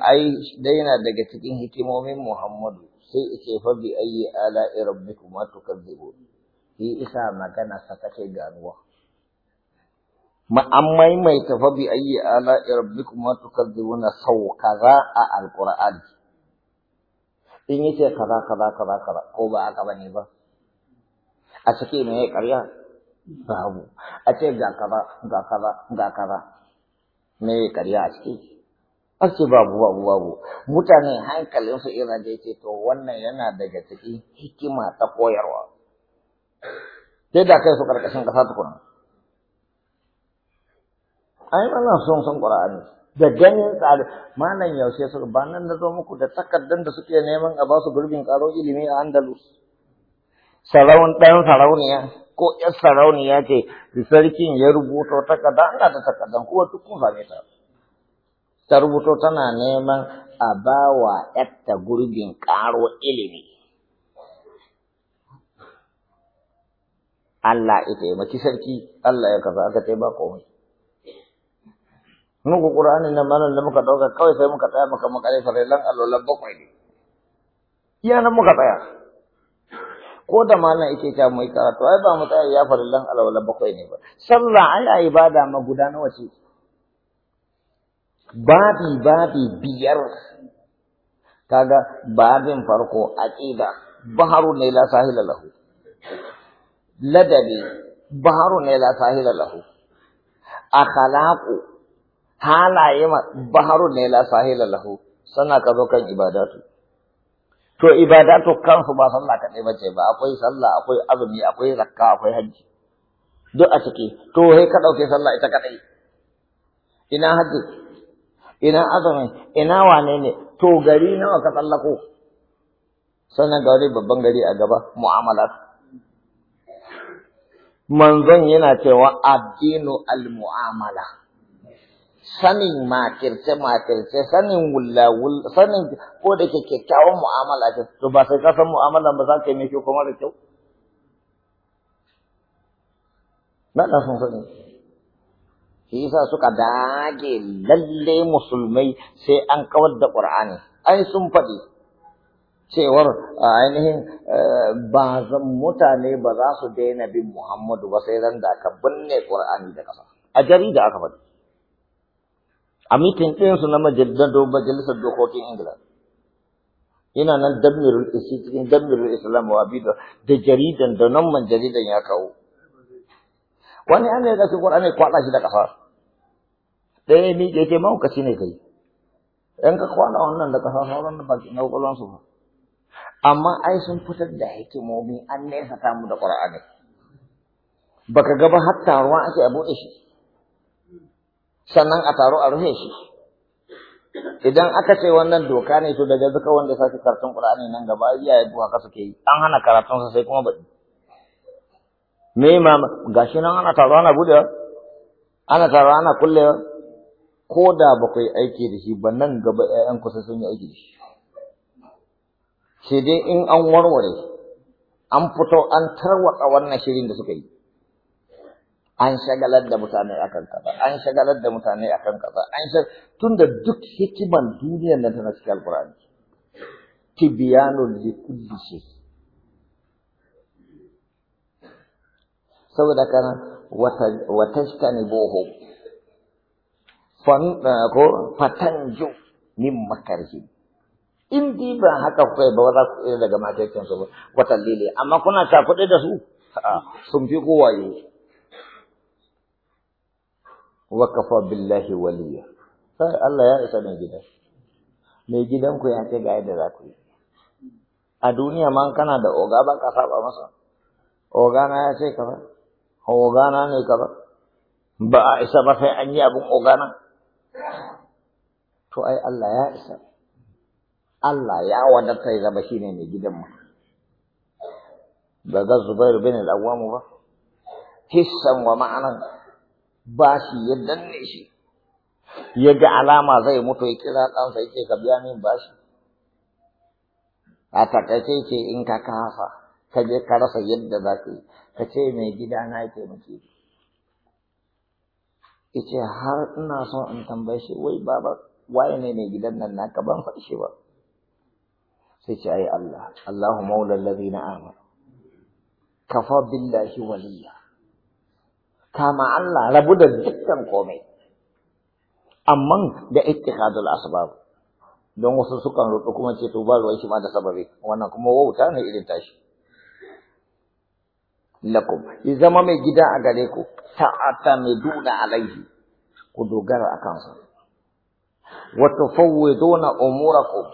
ai daina daga cikin hikimomin Muhammadu sai ice fa bi ayi ala rabbikuma tukazzibu shi isa magana sakace ganuwa ma an maimaita fa bi ayi ala rabbikuma na sau kaza a alqur'ani in yace kaza kaza kaza kaza ko ba aka bane ba a ciki me ya karya babu a ce ga kaza ga kaza ga kaza me ya karya a ciki a ce babu babu babu mutane hankalinsu ina da yake to wannan yana daga cikin hikima ta koyarwa sai da kai su karkashin kasa tukuna ai mana son son qur'ani da ganin tsari malam yaushe su ba nan na zo muku da takardun da suke neman a ba su gurbin karo ilimi a Andalus saraun ɗan sarauniya ko ‘yar sarauniya ce sarkin ya rubuto takarda ana da takardan kuwa duk kun same ta. Ta rubuto tana neman a ba wa ‘yarta gurbin ƙaro ilimi. Allah ya taimaki sarki, Allah ya kaza aka ba komai. Muku Ƙur'anin na malam da muka ɗauka kawai sai muka tsaya muka makare farelan allolan bakwai ne. Iya nan muka tsaya. ko da malam yake ta mai karatu ai ba mu tsaya ya farillan alwala bakwai ne ba sallah ai a ibada ma guda nawa ce babi babi biyar kaga babin farko aqida baharu ne la sahila lahu ladabi baharu ne la sahila lahu akhlaqu halaye baharu ne la sahila lahu sana ka zo kan ibadatu to ibadatu kansu ba sallah kaɗai ba ce ba akwai sallah akwai azumi akwai zakka akwai hajji duk a ciki to sai ka ɗauke sallah ita kaɗai ina hajji ina azumi ina wane ne to gari nawa ka tsallako sannan ga wani babban gari a gaba mu'amalat manzon yana cewa addinu al-mu'amala sanin makirce makirce sanin wulawul sanin ko da ke kyakkyawan mu'amala ce to ba sai ka san mu'amalan ba za ka yi mai kyau kuma da kyau na da son sani shi yasa suka dage lalle musulmai sai an kawar da qur'ani ai sun faɗi cewar ainihin eh, ba zan mutane ba za su daina bin muhammadu ba sai zan da aka binne qur'ani da ƙasa a jarida aka faɗi a mitin su na majalisar dokokin ingila Ina nan damirul isi cikin damirul islam wa bido da jaridan da nan man jaridan ya kawo wani an ne da su qur'ani kwada shi da kafa ɗaya ma yake shi ne kai ɗan ka kwana wannan da kafa sauran da baki na kwallon su amma ai sun fitar da hikimomi an nesa ta mu da qur'ani baka gaba hatta ruwa ake abu da shi sannan a taro a rufe shi idan aka ce wannan doka ne to daga duka wanda sake karatun Qur'ani nan gaba iyaye duka ka suke yi an hana karatun sa sai kuma baɗi me ma gashi nan ana taro ana gudu ana taro ana kulle ko da ba aiki da shi ba nan gaba ƴaƴan ku sun yi aiki da shi sai dai in an warware an fito an tarwatsa wannan shirin da suka yi an shagalar da mutane akan kaza an shagalar da mutane akan kaza an shag da duk hikiman duniya nan tana cikin alqur'ani tibyanun li kulli saboda kana watajtanibuhu fan eh, ko fatanju min makarhi in di ba haka kai ba za ku iya daga matakin su ba watan lili amma kuna shafuɗe da su sun fi kowaye wa kafa billahi waliya sai Allah ya isa mai gidan. mai gidanku ya ce ga yadda za ku yi a duniya ma kana da oga ba ka saba masa oga na ya ce ka ba oga na ne ka ba ba a isa ba sai an yi abin oga na to ai Allah ya isa Allah ya wadatta ya zama shine mai gidan mu ba ga Zubair bin al-Awwam ba hissan wa ma'anan bashi ya danne shi ya ga alama zai mutu ya kira ɗansa yake ka biya min bashi a takaice ce in ka kafa ka je ka rasa yadda za ka yi ka ce mai gida na ya taimake ce har ina son in tambaye shi wai baba waye ne mai gidan nan naka ban faɗi ba sai ce ai Allah Allahu maula allazina amanu kafa billahi waliya kama Allah rabu da dukkan komai amma da ittihadul asbab don wasu sukan rubu kuma ce to ba ruwan shi ma da sababi wannan kuma wauta ne irin tashi lakum zama mai gida a gare ku sa'ata mai duna alaihi ku dogara a kansa wa tufawwiduna umurakum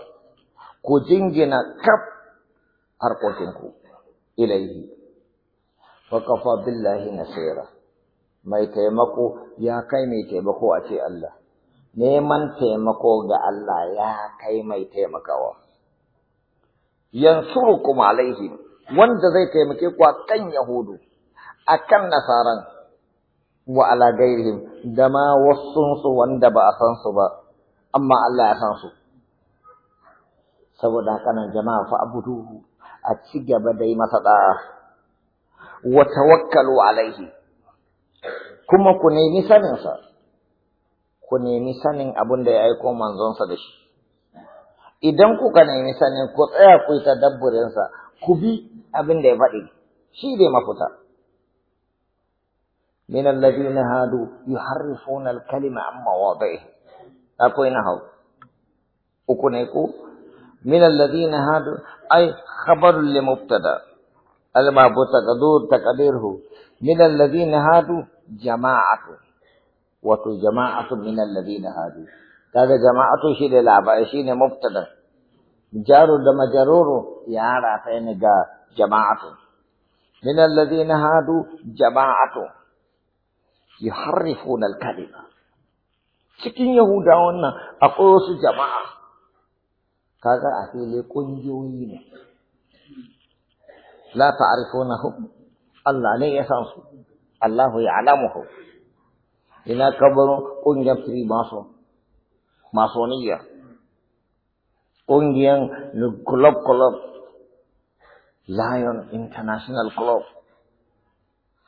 ku jingina kaf harkokinku ilaihi fa kafa billahi nasira mai taimako ya kai mai taimako a ce Allah neman taimako ga Allah ya kai mai taimakawa kuma alaihim wanda zai taimake ku kan yahudu akan nasaran wa ala da ma wasunsu wanda ba a san su ba amma Allah ya san su saboda kanan jama'a fa abuduhu a ci gaba dai masa da'a wa tawakkalu alaihi kuma ku nemi saninsa, ku nemi sanin abin da ya aiko manzonsa da shi. Idan ku ka nemi sanin ku tsaya ku yi tadabburinsa, ku bi abin da ya faɗi, shi dai mafuta. Min allabi na hadu, yi harri sunar kalima amma wa bai, akwai na hau, uku ne ku? Min allabi na hadu, ai, khabarun limubta da, almabu takadur takadirhu, من الذين هادوا جماعة وتو جماعة من الذين هادوا كذا جماعة شيل لعبة شيل مبتدا جار دم جرور يا رافين جا جماعة من الذين هادوا جماعة يحرفون الكلمة cikin Yahudawan wannan akwai wasu jama'a kaga a fili kungiyoyi Allah ne ya san su Allahu ya alamuhu ina kabarin ƙungiyar masu masoniya ƙungiyar club club lion international club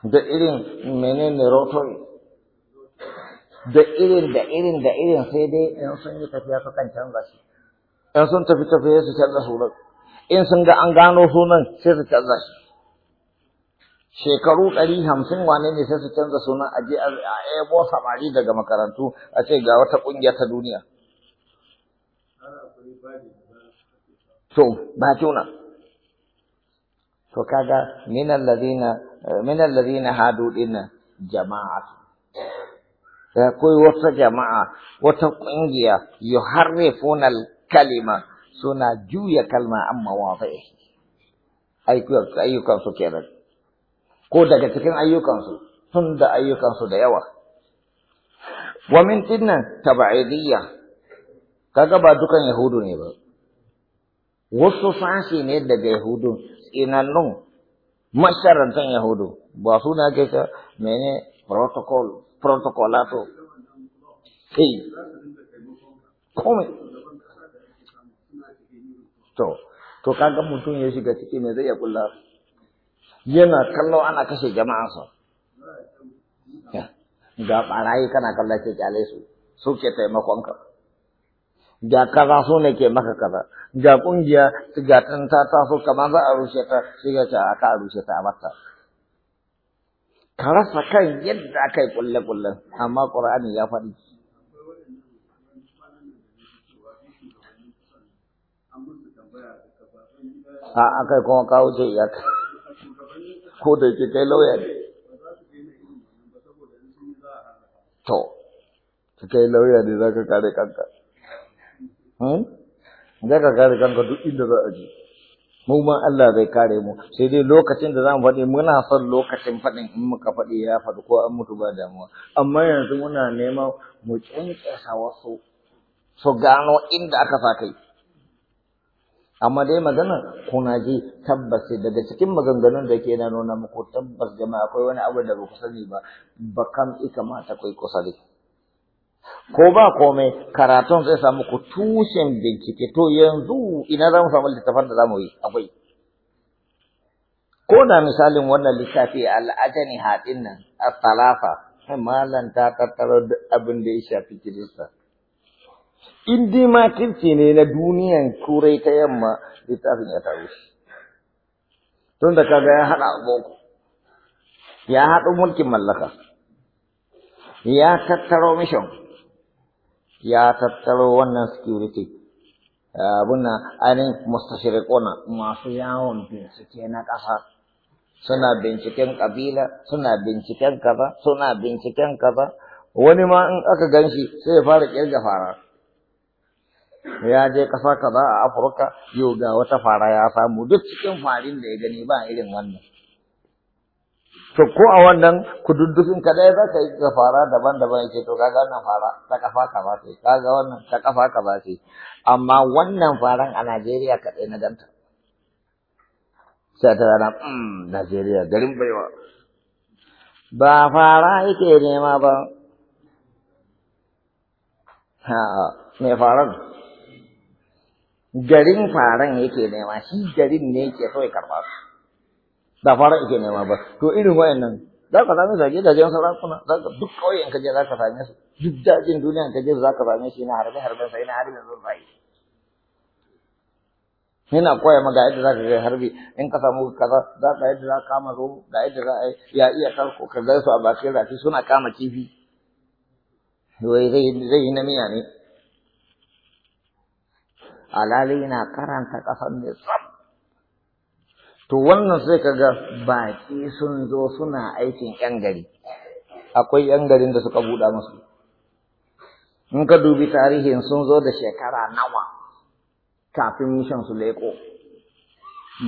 da irin menene rotary da irin da irin da irin sai dai in sun yi tafiya su kan canza shi in sun tafi tafiya su canza sunan in sun ga an gano sunan sai su canza shi shekaru ɗari hamsin wane ne sai su canza sunan je a ebo samari daga makarantu a ce ga wata ƙungiya ta duniya. To, ba tuna. To kaga minan ladina hadu ɗin jama'a. Akwai wata jama'a, wata ƙungiya, funal kalima suna juya kalma amma ayyukan Ayyukansu kenan. ko daga cikin ayyukansu tun da ayyukansu da yawa wa min dinnan taba'idiyya, kaga ba dukan yahudu ne ba wasu sashi ne daga yahudu tsinannun masharantan yahudu ba su na ke ta mene protocol protocolato sai komai to to kaga mutum ya shiga ciki ne zai ya kula yana kallo ana kashe jama'ansa ga barayi kana kalla ke kyale su su ke taimakonka ga kaza su ne ke maka kaza ga kungiya ga tan ta taso kamar za a rushe ta shi ga ta aka rushe ta mata ka rasa kan yadda aka yi ƙulle-ƙullen amma qur'ani ya faɗi a akai kuma kawo ce iyaka ko da yake kai lauya ne to ka kai lauya ne za ka kare kanka hmm? za ka kare kanka duk inda za a je mu ma Allah zai kare mu sai dai lokacin da zamu faɗi muna son lokacin faɗin in muka faɗi ya faɗi ko an mutu ba damuwa amma yanzu muna nema mu kyankyasa wasu su gano inda aka sa kai amma dai magana kuna ji tabbas daga cikin maganganun da ke na nuna muku tabbas jama'a akwai wani abu da baku ku sani ba ba kam ika ta kai kusa ko ba komai karatun zai samu ku tushen bincike to yanzu ina za mu samu littafan da za mu yi akwai ko da misalin wannan littafi al'ajani haɗin nan a salafa. mallan ta tattara abin da ya shafi kirista in dai ne na duniyan turai ta yamma littafin ya taru shi tun da kaga ya haɗa boko ya hadu mulkin mallaka ya tattaro mission ya tattaro wannan security abin nan ainihin mustashirikuna masu yawon bincike na ƙasa suna binciken ƙabila suna binciken kaza suna binciken kaza wani ma in aka ganshi sai ya fara kirga fara ya je kasa kaza a Afirka yau ga wata fara ya samu duk cikin farin da ya gani ba irin wannan. To ko a wannan kududdukin kadai za ka yi ga fara daban-daban yake to kaga wannan fara ta kafa ba ce kaga wannan ta kafa ba ce amma wannan faran a Najeriya kadai na ganta. Sai ta rana hmm, Najeriya garin baiwa. Ba fara yake nema ba. Ha, mai faran. garin faran yake nema shi garin ne yake so ya karɓa su Da faran yake nema ba to irin wayannan za ka same su a gidajen sarakuna za ka duk ƙauyen ka je za ka same su duk dajin duniya ka je za ka same shi na harbe harbe sai na harbin zan sai yana koya ma ga yadda za ka ga harbi in ka samu kaza za ka yadda za ka kama zo ga yadda za a ya iya karko ka gaisu a bakin rafi suna kama kifi wai zai yi na miya ne alali na karanta ƙasar ne tsam to wannan sai ka ga baƙi sun zo suna aikin ƴan gari akwai ƴan garin da suka buɗa musu in ka dubi tarihin sun zo da shekara nawa kafin mishan su leƙo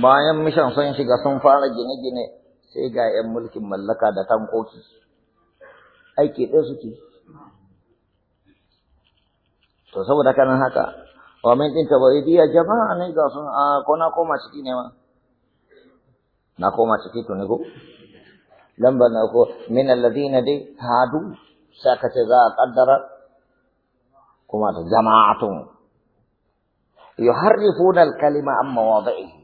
bayan mishan sun shiga sun fara gine-gine sai ga 'yan mulkin mallaka da tankoki aiki ɗaya suke to saboda kanan haka Comment ɗin tabaidiyya jama'a ne ga sun a ko na koma ciki ne ma. Na koma ciki to ne ko? Lamba na ko min alladhina dai hadu saka ce za a kaddara kuma ta jama'atun yuharrifuna al-kalima an mawadi'ihi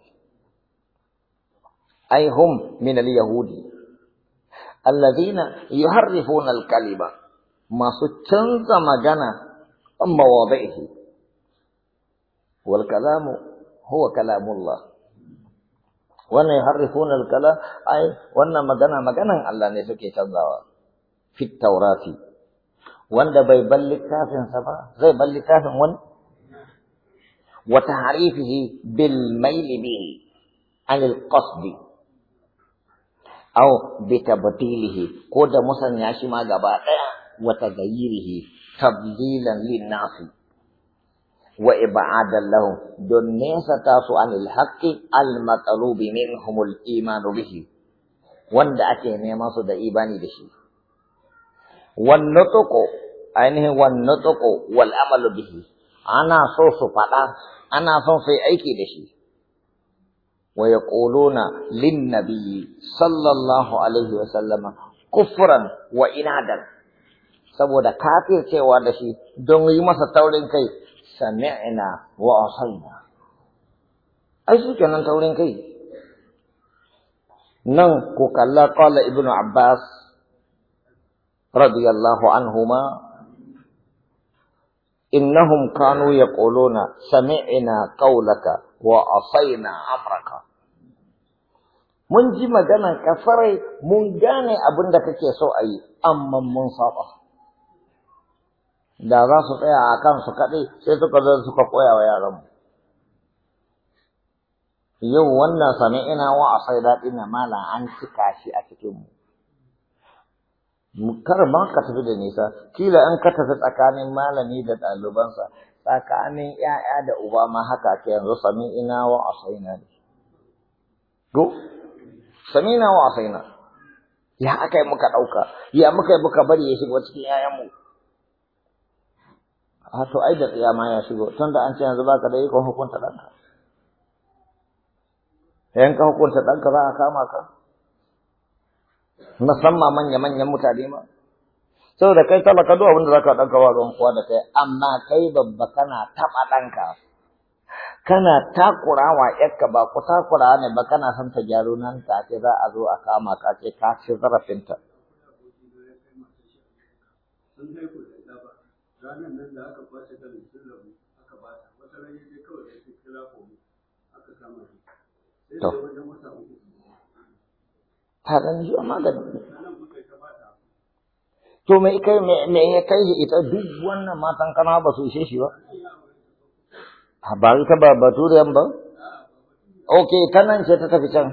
ay hum min al-yahudi alladhina yuharrifuna al-kalima masu canza magana an mawadi'ihi والكلام هو كلام الله وانا يحرفون الكلام اي وانا مغنى مغنى الله نسوكي تنظر في التوراة وانا بي بلي كافن سبا زي بلي كافن وان وتعريفه بالميل به عن القصد او بتبديله كود مسلم ياشي ما جبا وتغييره تبديلا للناس wa ib'adan lahum don nesa ta su an haqqi al matsalubi minhum al bihi wanda ake neman su da imani da shi wan nutqu ainihin wannan nutqu wal'amalu bihi ana so su faɗa ana so su yi aiki da shi wa yaquluna lin nabiyyi sallallahu alaihi wa sallama kufran wa inadan saboda kafircewa da shi don yi masa taurin kai sami'na wa asaina ai shi kenan taurin kai nan ku kalla qala ibnu abbas radiyallahu anhuma innahum kanu yaquluna sami'na qawlaka wa asaina amraka mun ji maganan kafarai mun gane abin da kake so a yi amma mun saba da za su tsaya a kansu kaɗai sai suka zo suka koya wa yaranmu yau wannan sami ina wa a sai daɗi na mala an cika shi a cikinmu kar ma ka tafi da nisa kila in ka tafi tsakanin malami da ɗalibansa tsakanin ‘ya'ya da uba ma haka ke yanzu sami ina wa a sai na ne go sami ina wa a sai na ya aka yi muka ɗauka ya muka yi muka bari ya shiga cikin ‘ya'yanmu a to ai da tsaya ma ya shigo tun da an ce yanzu baka da ikon hukunta ɗanka yan ka hukunta ɗanka za a kama ka musamman manya-manyan mutane ma saboda kai talaka duk za zaka ɗanka wa ruwan kuwa da kai amma kai babba kana taɓa ɗanka kana takurawa yakka ba ku takura ne ba kana son ta gyaro nan ta ce za a zo a kama ka ce ka ci zarafinta. ranar nan da aka kwace da sun rabu aka ba ta wata ran yaje kawai da shi kira ko mu aka kama shi sai da wajen wata uku ta dan shi amma da to me kai me ya kai ita duk wannan matan kana ba su ishe shi ba ba ita ba baturiyan ba ok ta nan ce ta tafi can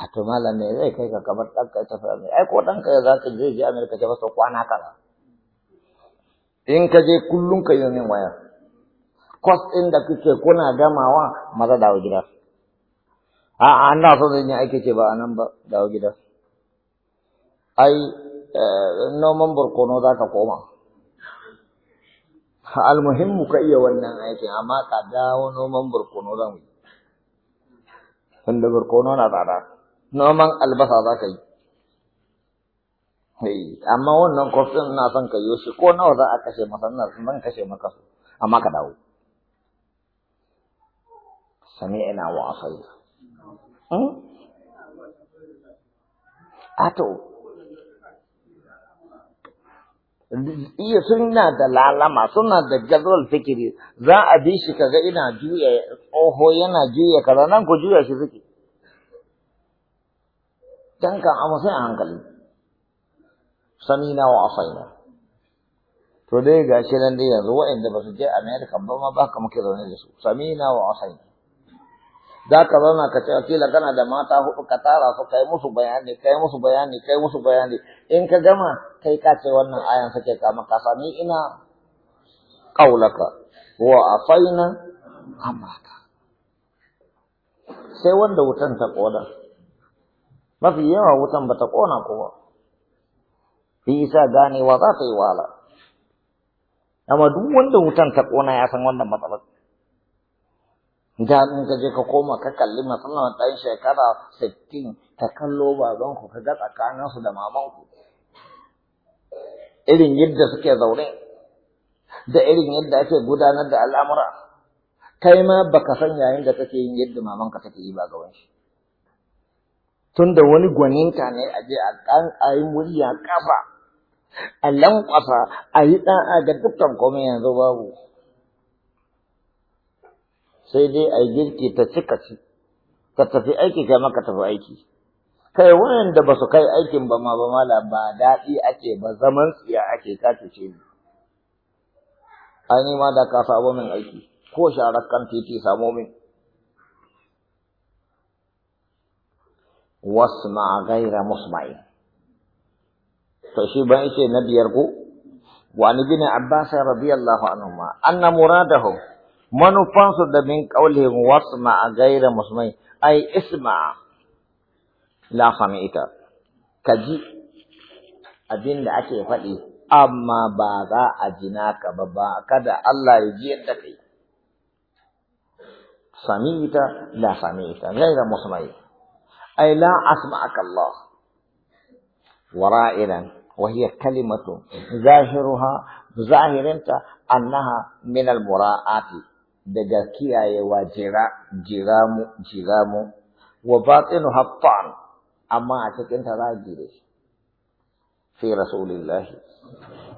a to malam me zai kai ka kamar ɗanka ya tafi ai ko ɗanka ya za ka je je amerika ta fasa kwana kaza in ka je kullum ka yi min waya kwas ɗin da kuke kuna gamawa maza dawo gida a'a na so zan yi aiki ce ba a nan ba dawo gida ai eh, noman barkono za ka koma almuhimmu ka iya wannan aikin amma ka dawo noman barkono zan yi tunda barkono na tsada noman albasa za ka yi amma wannan kwafin na son ka yi shi ko nawa za a kashe masa nan kashe maka su amma ka dawo ina wa asaita hmm? ato iya suna da lalama suna da gazal fikiri za a bi shi kaga ina juya oho yana juya kaza nan ku juya shi suke dan kan amma sai a hankali samina wa afaina to dai ga shi nan dai yanzu waɗanda ba su je America ba ma ba ka muke zaune da su samina wa afaina za ka zauna ka ce kila kana da mata hudu ka tara su kai musu bayani kai musu bayani kai musu bayani in ka gama kai ka ce wannan ayan suke kama ka sami ina qaulaka wa afaina amraka sai wanda wutan ta ƙona, mafi yawa wutan ba ta kona kowa. shi isa ganewa za ta yi wahala amma duk wanda wutan ta kona ya san wannan matsalar da in ka je ka koma ka kalli matsalar ɗan shekara sittin ta kallo ku ka ga tsakaninsu da mamanku irin yadda suke zaune da irin yadda ake gudanar da al'amura kai ma baka san yayin da kake yin yadda mamanka take yi ba gaban shi tunda wani gwaninka ne a je a kan ayi murya kafa a lankwasa a yi ɗa'a ga dukkan komai yanzu babu sai dai a yi girki ta cika ci ka tafi aiki kai maka tafi aiki kai wayanda ba su kai aikin ba ma ba mala ba daɗi ake ba zaman tsiya ake ka cuce ni yi ma da ka sabo min aiki ko sharar kan titi samo min Wasu wasma gaira musma'in to shi ba yake na biyar ko wa ni bin abbas radiyallahu anhuma anna muradahum manufansu da min qaulihim wasma ghayra musmai Ai isma la sami'ita kaji abinda da ake faɗi amma ba za a jina ka ba ba kada Allah ya ji yadda kai sami'ita la sami'ita ghayra musmai Ai la asma'aka Allah wara'ina وهي كلمة ظاهرها ظاهر انت انها من المراعاة دجاكيا وجرا جرام جرام وباطنها الطعن اما اتك انت في رسول الله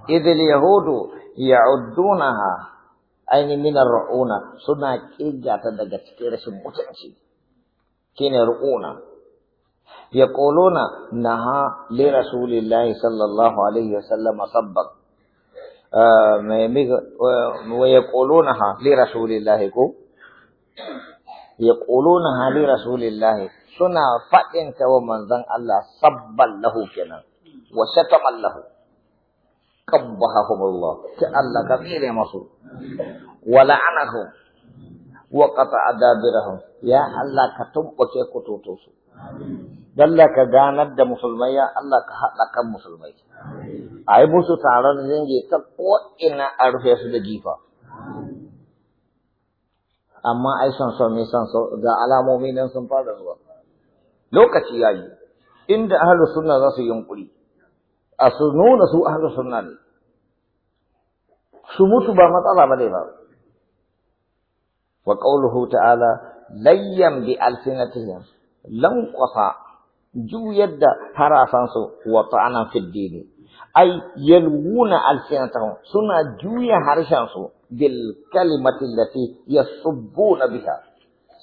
اذ اليهود يعدونها اي من الرؤونة سنة كيجا تدجاكيا رسول كين رؤونة يقولون انها لرسول الله صلى الله عليه وسلم صبا آه، آه، ويقولونها لرسول الله يقولونها لرسول الله سنا فإن كو ذن الله صبا له كنا وشتم له قبحهم الله كبير يا مصر ولعنهم وقطع دابرهم يا الله كتم وكي كتوتوسو Dalla ka ganar da musulmai ya Allah ka haɗa kan musulmai. A yi musu taron zinge ta ko'ina a rufe su da jifa. Amma ai son so mai son so ga alamomi nan sun fara zuwa. Lokaci ya yi, inda ahalus sunna za su yi yunkuri, a su nuna su ahalus sunna ne. Su mutu ba matsala ba ne ba. Wa ƙauluhu ta'ala layyan bi alsinatihim lankwasa juyar da harasansu wa anan fiddini ai yalwuna alsinatahum suna juya harshensu bil ya allati yasubbuna bika.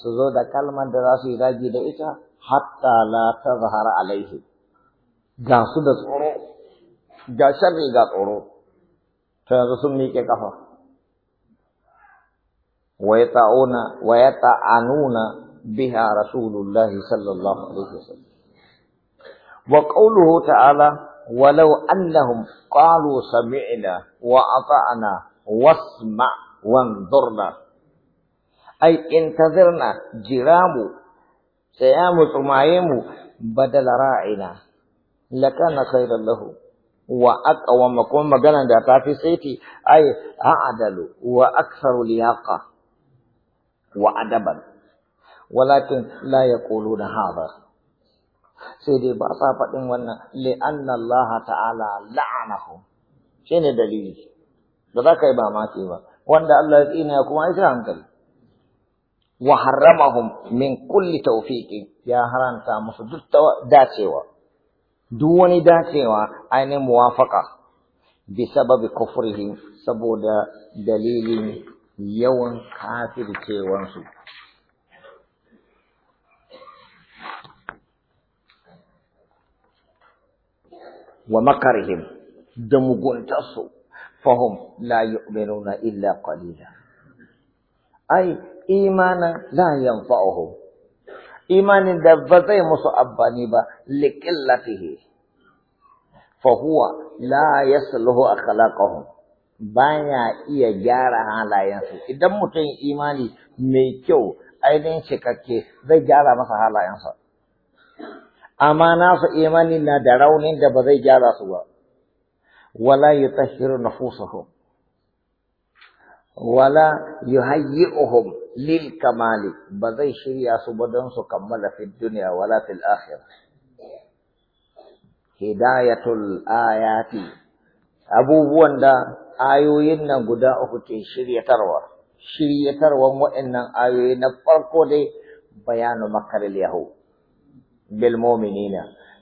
su zo da kalmar da za su yi zagi da ita hatta lata zahara alaihi ga su da tsoro ga sharri ga tsoro ta yanzu sun miƙe kafa wa yata'una wa بها رسول الله صلى الله عليه وسلم وقوله تعالى ولو أنهم قالوا سمعنا وأطعنا واسمع وانظرنا أي انتظرنا جرام سيام سمايم بدل راعنا لكان خيرا له وأقوم كون مجانا داتا في سيتي أي أعدل وأكثر لياقة وأدبا walakin la da haɓar sai dai ba sa faɗin wannan li'anna Allah ta'ala la'anahu shine dalili da za ka yi ba mace ba wanda Allah ya tsina ya kuma aisha hankali wa haramahum min kulli tawfiqi ya haranta musu duk dacewa duk wani dacewa aini muwafaqa bi sababi kufrihim saboda dalilin yawan kafircewansu wa makarihim da muguntarsu fahum la yu'minuna illa qalila ai imana la yanfa'uhum imanin da ba zai musu amfani ba liqillatihi fa huwa la yasluhu akhlaqahum baya iya gyara halayensu idan mutum imani mai kyau ainihin cikakke zai gyara masa halayensa amma nasu imani na da raunin da ba zai gyara su ba wala yutahhiru nufusahum wala yuhayyi'uhum lil kamali ba zai shirya su ba don su kammala fi duniya wala fil akhirah hidayatul ayati abubuwan da ayoyin nan guda uku ke shiryatarwa shiryatarwan waɗannan ayoyi na farko dai bayanu makaril yahud بالمؤمنين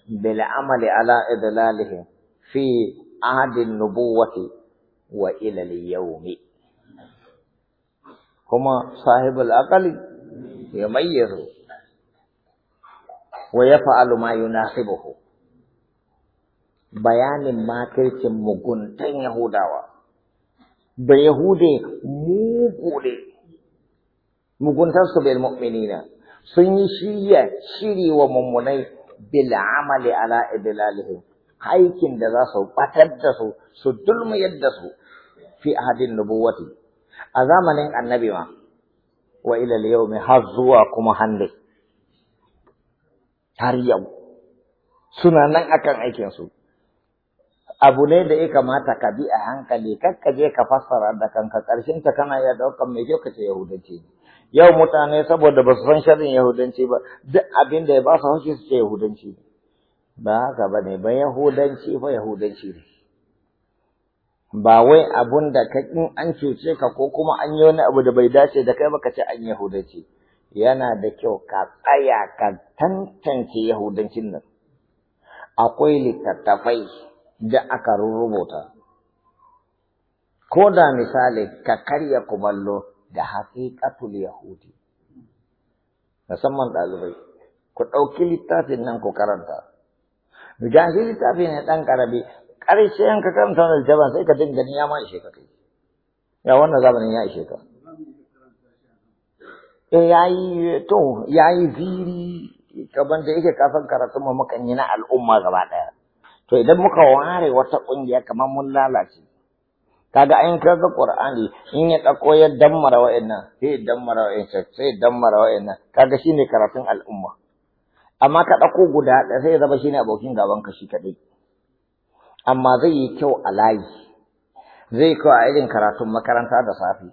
بالعمل على إضلالهم في عهد النبوة وإلى اليوم كما صاحب العقل يميز ويفعل ما يناسبه ما كرت muguntan Yahudawa. يهودا بيهودي mugu ne, muguntarsu bil المؤمنين sun yi shirya shiri wa mummunai bil amali ala idlalihim aikin da za su batar da su su dulmu yadda su fi ahadin nubuwati a zamanin annabi ma wa ila yawmi har zuwa kuma hande har yau suna nan akan aikin su abu ne da ya kamata ka bi a hankali kakka je ka fassara da kanka ƙarshen ta kana ya daukan mai kyau ka ce yahudanci ne yau mutane saboda ba su san shirin yahudanci ba duk abin da ya ba su haushi su ce yahudanci ne ba haka ba ne ba yahudanci ba yahudanci ne ba wai abun da ka in an cuce ka ko kuma an yi wani abu da bai dace da kai ba ka ce an yahudanci yana da kyau ka tsaya ka tantance yahudancin nan akwai littattafai da aka rubuta ko da misali ka karya kumallo da haƙiƙatul yahudi musamman ɗalibai ku ɗauki littafin nan ku karanta gashi littafi ne ɗan ƙarabi ƙarshe in ka karanta wannan littafin sai ka dinga ni ya ma ishe ka kai ya wannan zamanin ya ishe ka eh yayi to yayi ziri kaban da yake kasan karatun mu mukan yi na al'umma gaba ɗaya to idan muka ware wata ƙungiya kamar mun lalace kaga an kaga qur'ani in ya dako ya dammara wa'annan sai dammara wa'annan sai dammara wa'annan kaga shine karatun al'umma amma ka dauko guda da sai ya zama shine abokin gaban ka shi kadai amma zai yi kyau a layi zai kawo a irin karatun makaranta da safe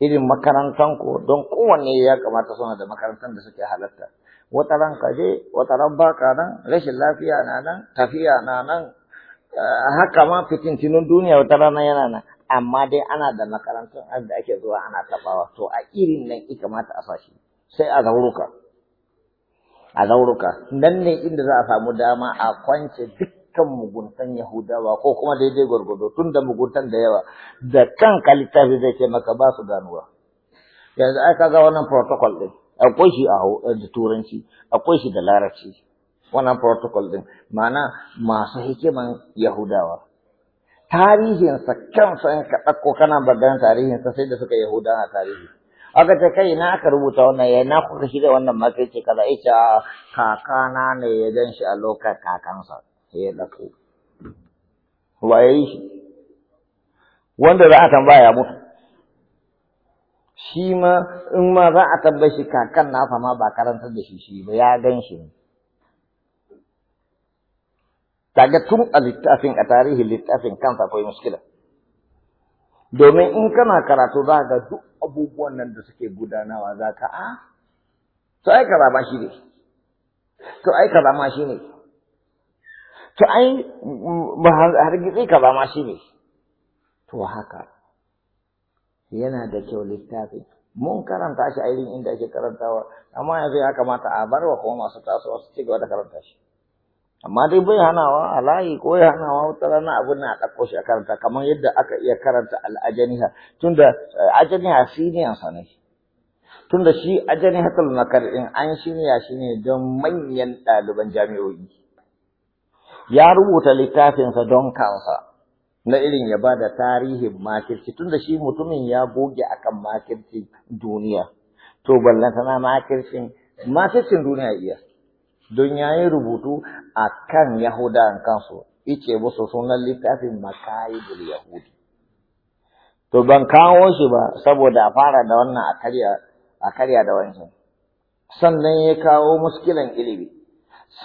irin makarantan ku don kowanne ya kamata suna da makarantar da suke halatta wata ran ka wata ran baka nan rashin lafiya na nan tafiya na nan Eh, haka ma fitin fitintinun duniya wata rana yana nan amma dai ana da makarantun da ake zuwa ana tabawa to a irin nan ya kamata a sashi sai a zauruka a zauruka nan ne inda za a samu dama a kwance dukkan muguntan yahudawa ko kuma daidai gwargwado tun da muguntan da yawa da kan littafi zai ce maka ba su ganuwa yanzu aka ga wannan protocol din akwai shi a turanci akwai shi da larabci wannan protocol din mana masu hikiman yahudawa tarihinsa kansa in ka ɗauko kana maganar tarihinsa sai da suka a tarihi aka ce kai na aka rubuta wannan ya na kuka da wannan maka kai ce kaza ita kakana ne ya dan shi a lokacin kakansa sai ya ɗauko waye shi wanda za a tambaya mutu shi ma in ma za a tambaye shi kakan nasa ma ba karantar da shi shi ba ya gan shi ne daga tun a littafin a tarihin littafin kansa akwai muskila domin in kana karatu za ga duk abubuwan nan da suke gudanawa za ka a ah, to ai kaza ma shi ne to ai kaza ma shi ne to ai hargitsi kaza ma shi ne to haka yana da kyau littafin mun karanta shi a irin inda ake karantawa amma yanzu ya kamata a bar wa kuma masu tasowa su ci gaba da karanta shi amma dai bai hanawa a layi ko ya hanawa wata rana abin na ɗauko shi a karanta kamar yadda aka iya karanta al'ajaniha tunda eh, ajaniha siniyan sa ne tunda shi ajanihatul nakar karɗin an shirya shi ne don manyan ɗaliban jami'o'i ya rubuta littafinsa don kansa na irin ya ba da tarihin makirci tunda shi mutumin ya goge akan makircin duniya to ballantana makircin makircin duniya iya don ya yi rubutu a kan Yahudan kansu, ice musu sunan littafin da Yahudi. To ban kawo shi ba saboda a fara da wannan a karya da wancan. Sannan ya kawo muskilan ilimi,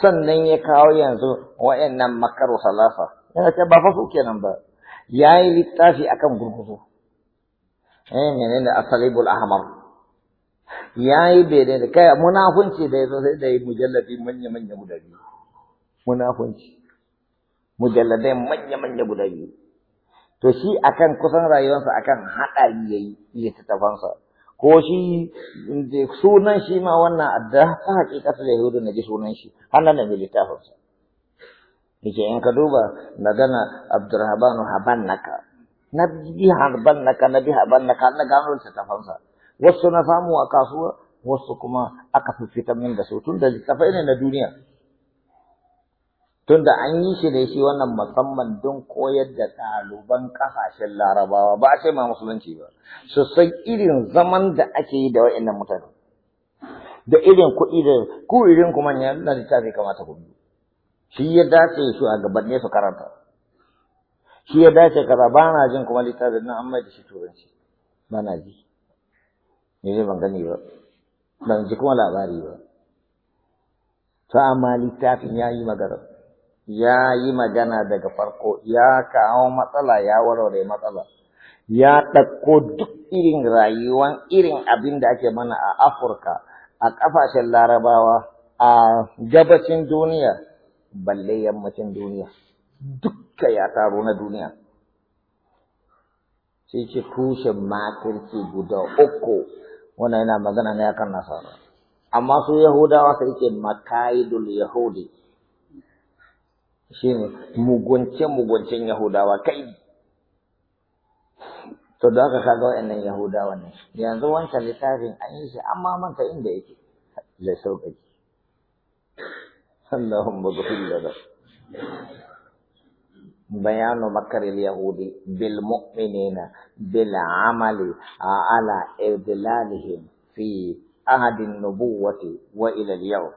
sannan ya kawo yanzu wayannan makaru salasa. Yana ce ba fa kenan ba, ya yi littafi a akan gurguzu. Eh menene asalibul ahmar. yayi bai da kai munafunci da yazo sai da yi manya manya guda biyu munafunci mujalladai manya manya guda biyu to shi akan kusan rayuwarsa akan haɗari yayi ta tafansa. ko shi sunan shi ma wannan adda ta haƙiƙatar yahudu na ji sunan shi har nan da littafinsa yake in ka duba magana abdurrahmanu habannaka na bi habannaka na bi habannaka na gano tafansa. wasu na samu a kasuwa wasu kuma aka fitar min da su tun da littafai ne na duniya tun da an yi shi da shi wannan musamman don koyar da ɗaliban ƙasashen larabawa ba a ce ma musulunci ba su san irin zaman da ake yi da wa'annan mutane da irin kuɗi da ku irin kuma ne na littafi kamata ku biyu shi ya dace shi a gaban ne su karanta shi ya dace kaza ba na jin kuma littafin nan an mai da shi turanci ba na ji ni ne ban gani ba ban ji kuma labari ba to amma littafin ya yi magana ya magana daga farko ya kawo matsala ya warware matsala ya ɗauko duk irin rayuwan irin abin da ake mana a afirka a ƙafashen larabawa a gabacin duniya balle yammacin duniya dukka ya taro na duniya sai ce tushen makirci guda uku wannan yana magana ne akan nasara amma su yahudawa sai yake makaidul yahudi shine mugunce muguncen yahudawa kai to da ka kaga wannan yahudawa ne yanzu wancan littafin an yi shi amma manta inda yake Zai sauƙaƙi Allahumma ghfir bayanu makarar yahudi bil mu'minina bil amali ala idlalihim fi ahadin nubuwati wa ila al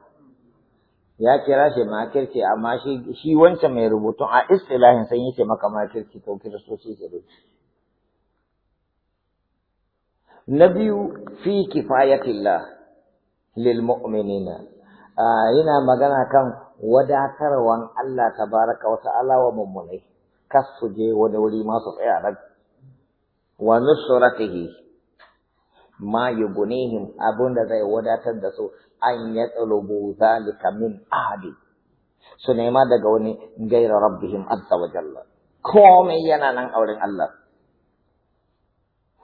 ya kira shi ma kirki amma shi wancan mai rubutu a istilahin san yake maka ma kirki to kristo shi ke da shi fi kifayatillah mu'minina Ah, yana magana kan wadatarwan Allah tabaraka wa ta'ala wa mummunai kasu je wani wuri masu tsaya nan wa nusratihi ma yugunihim abun da zai wadatar da su an ya tsalubu zalika min ahadi su nema daga wani gaira rabbihim azza wa jalla komai yana nan auren Allah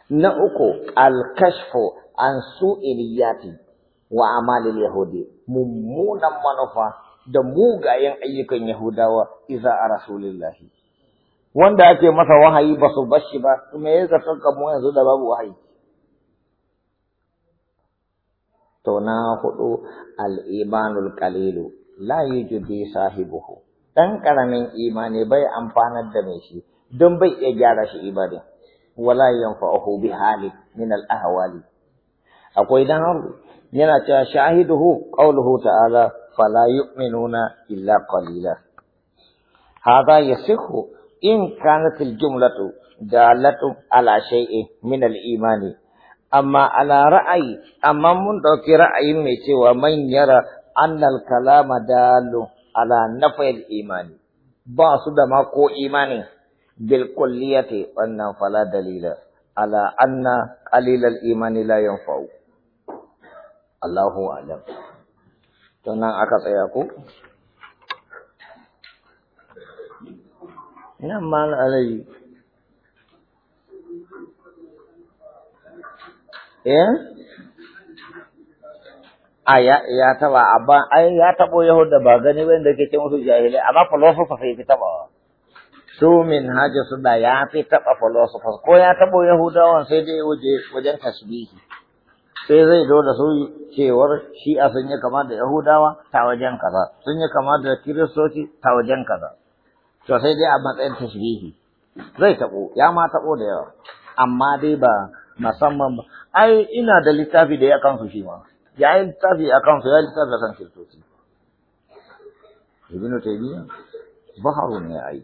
na uku alkashfu an su'iliyati wa amalil yahudi mummunan manufa da mugayen ayyukan yahudawa iza a rasulillahi wanda ake masa wahayi ba su bashi ba kuma ya zartar mu yanzu da babu wahayi to na hudu al-imanul qalilu la yujdi sahibuhu dan karamin imani bai amfanar da mai shi don bai iya gyara shi ibada wala yanfa'uhu bi hali min al-ahwali akwai dan ينتا شاهده قوله تعالى فلا يؤمنون إلا قليلا هذا يصح إن كانت الجملة دالة على شيء من الإيمان أما على رأي أما منذ رأي سوى من يرى أن الكلام دال على نفي الإيمان باص دما كو إيمان بالكلية وأن فلا دليل على أن قليل الإيمان لا ينفع Allahu alam to aka tsaya ko nan eh? ya taba abba ai ya tabo yahuda ba gani wanda ke ce musu jahilai amma philosopher sai fi taba su min haja su da ya fi taba philosophers ko ya tabo yahudawan sai dai waje wajen tasbihi sai zai zo da su cewar shi'a sun yi kama da yahudawa ta wajen kaza sun yi kama da kiristoci ta wajen kaza to sai dai a matsayin tashrihi zai taɓo, ya ma taɓo da yawa amma dai ba musamman ba ai ina da littafi da ya kansu shi ma ya yi littafi a kansu ya yi littafi a kan kiristoci ibnu taymiya baharu ne ya yi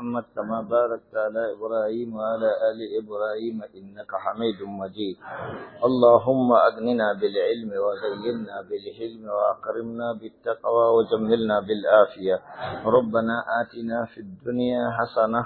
محمد كما باركت على إبراهيم وعلى آل إبراهيم إنك حميد مجيد اللهم أغننا بالعلم وزينا بالحلم وأكرمنا بالتقوى وجملنا بالآفية ربنا آتنا في الدنيا حسنة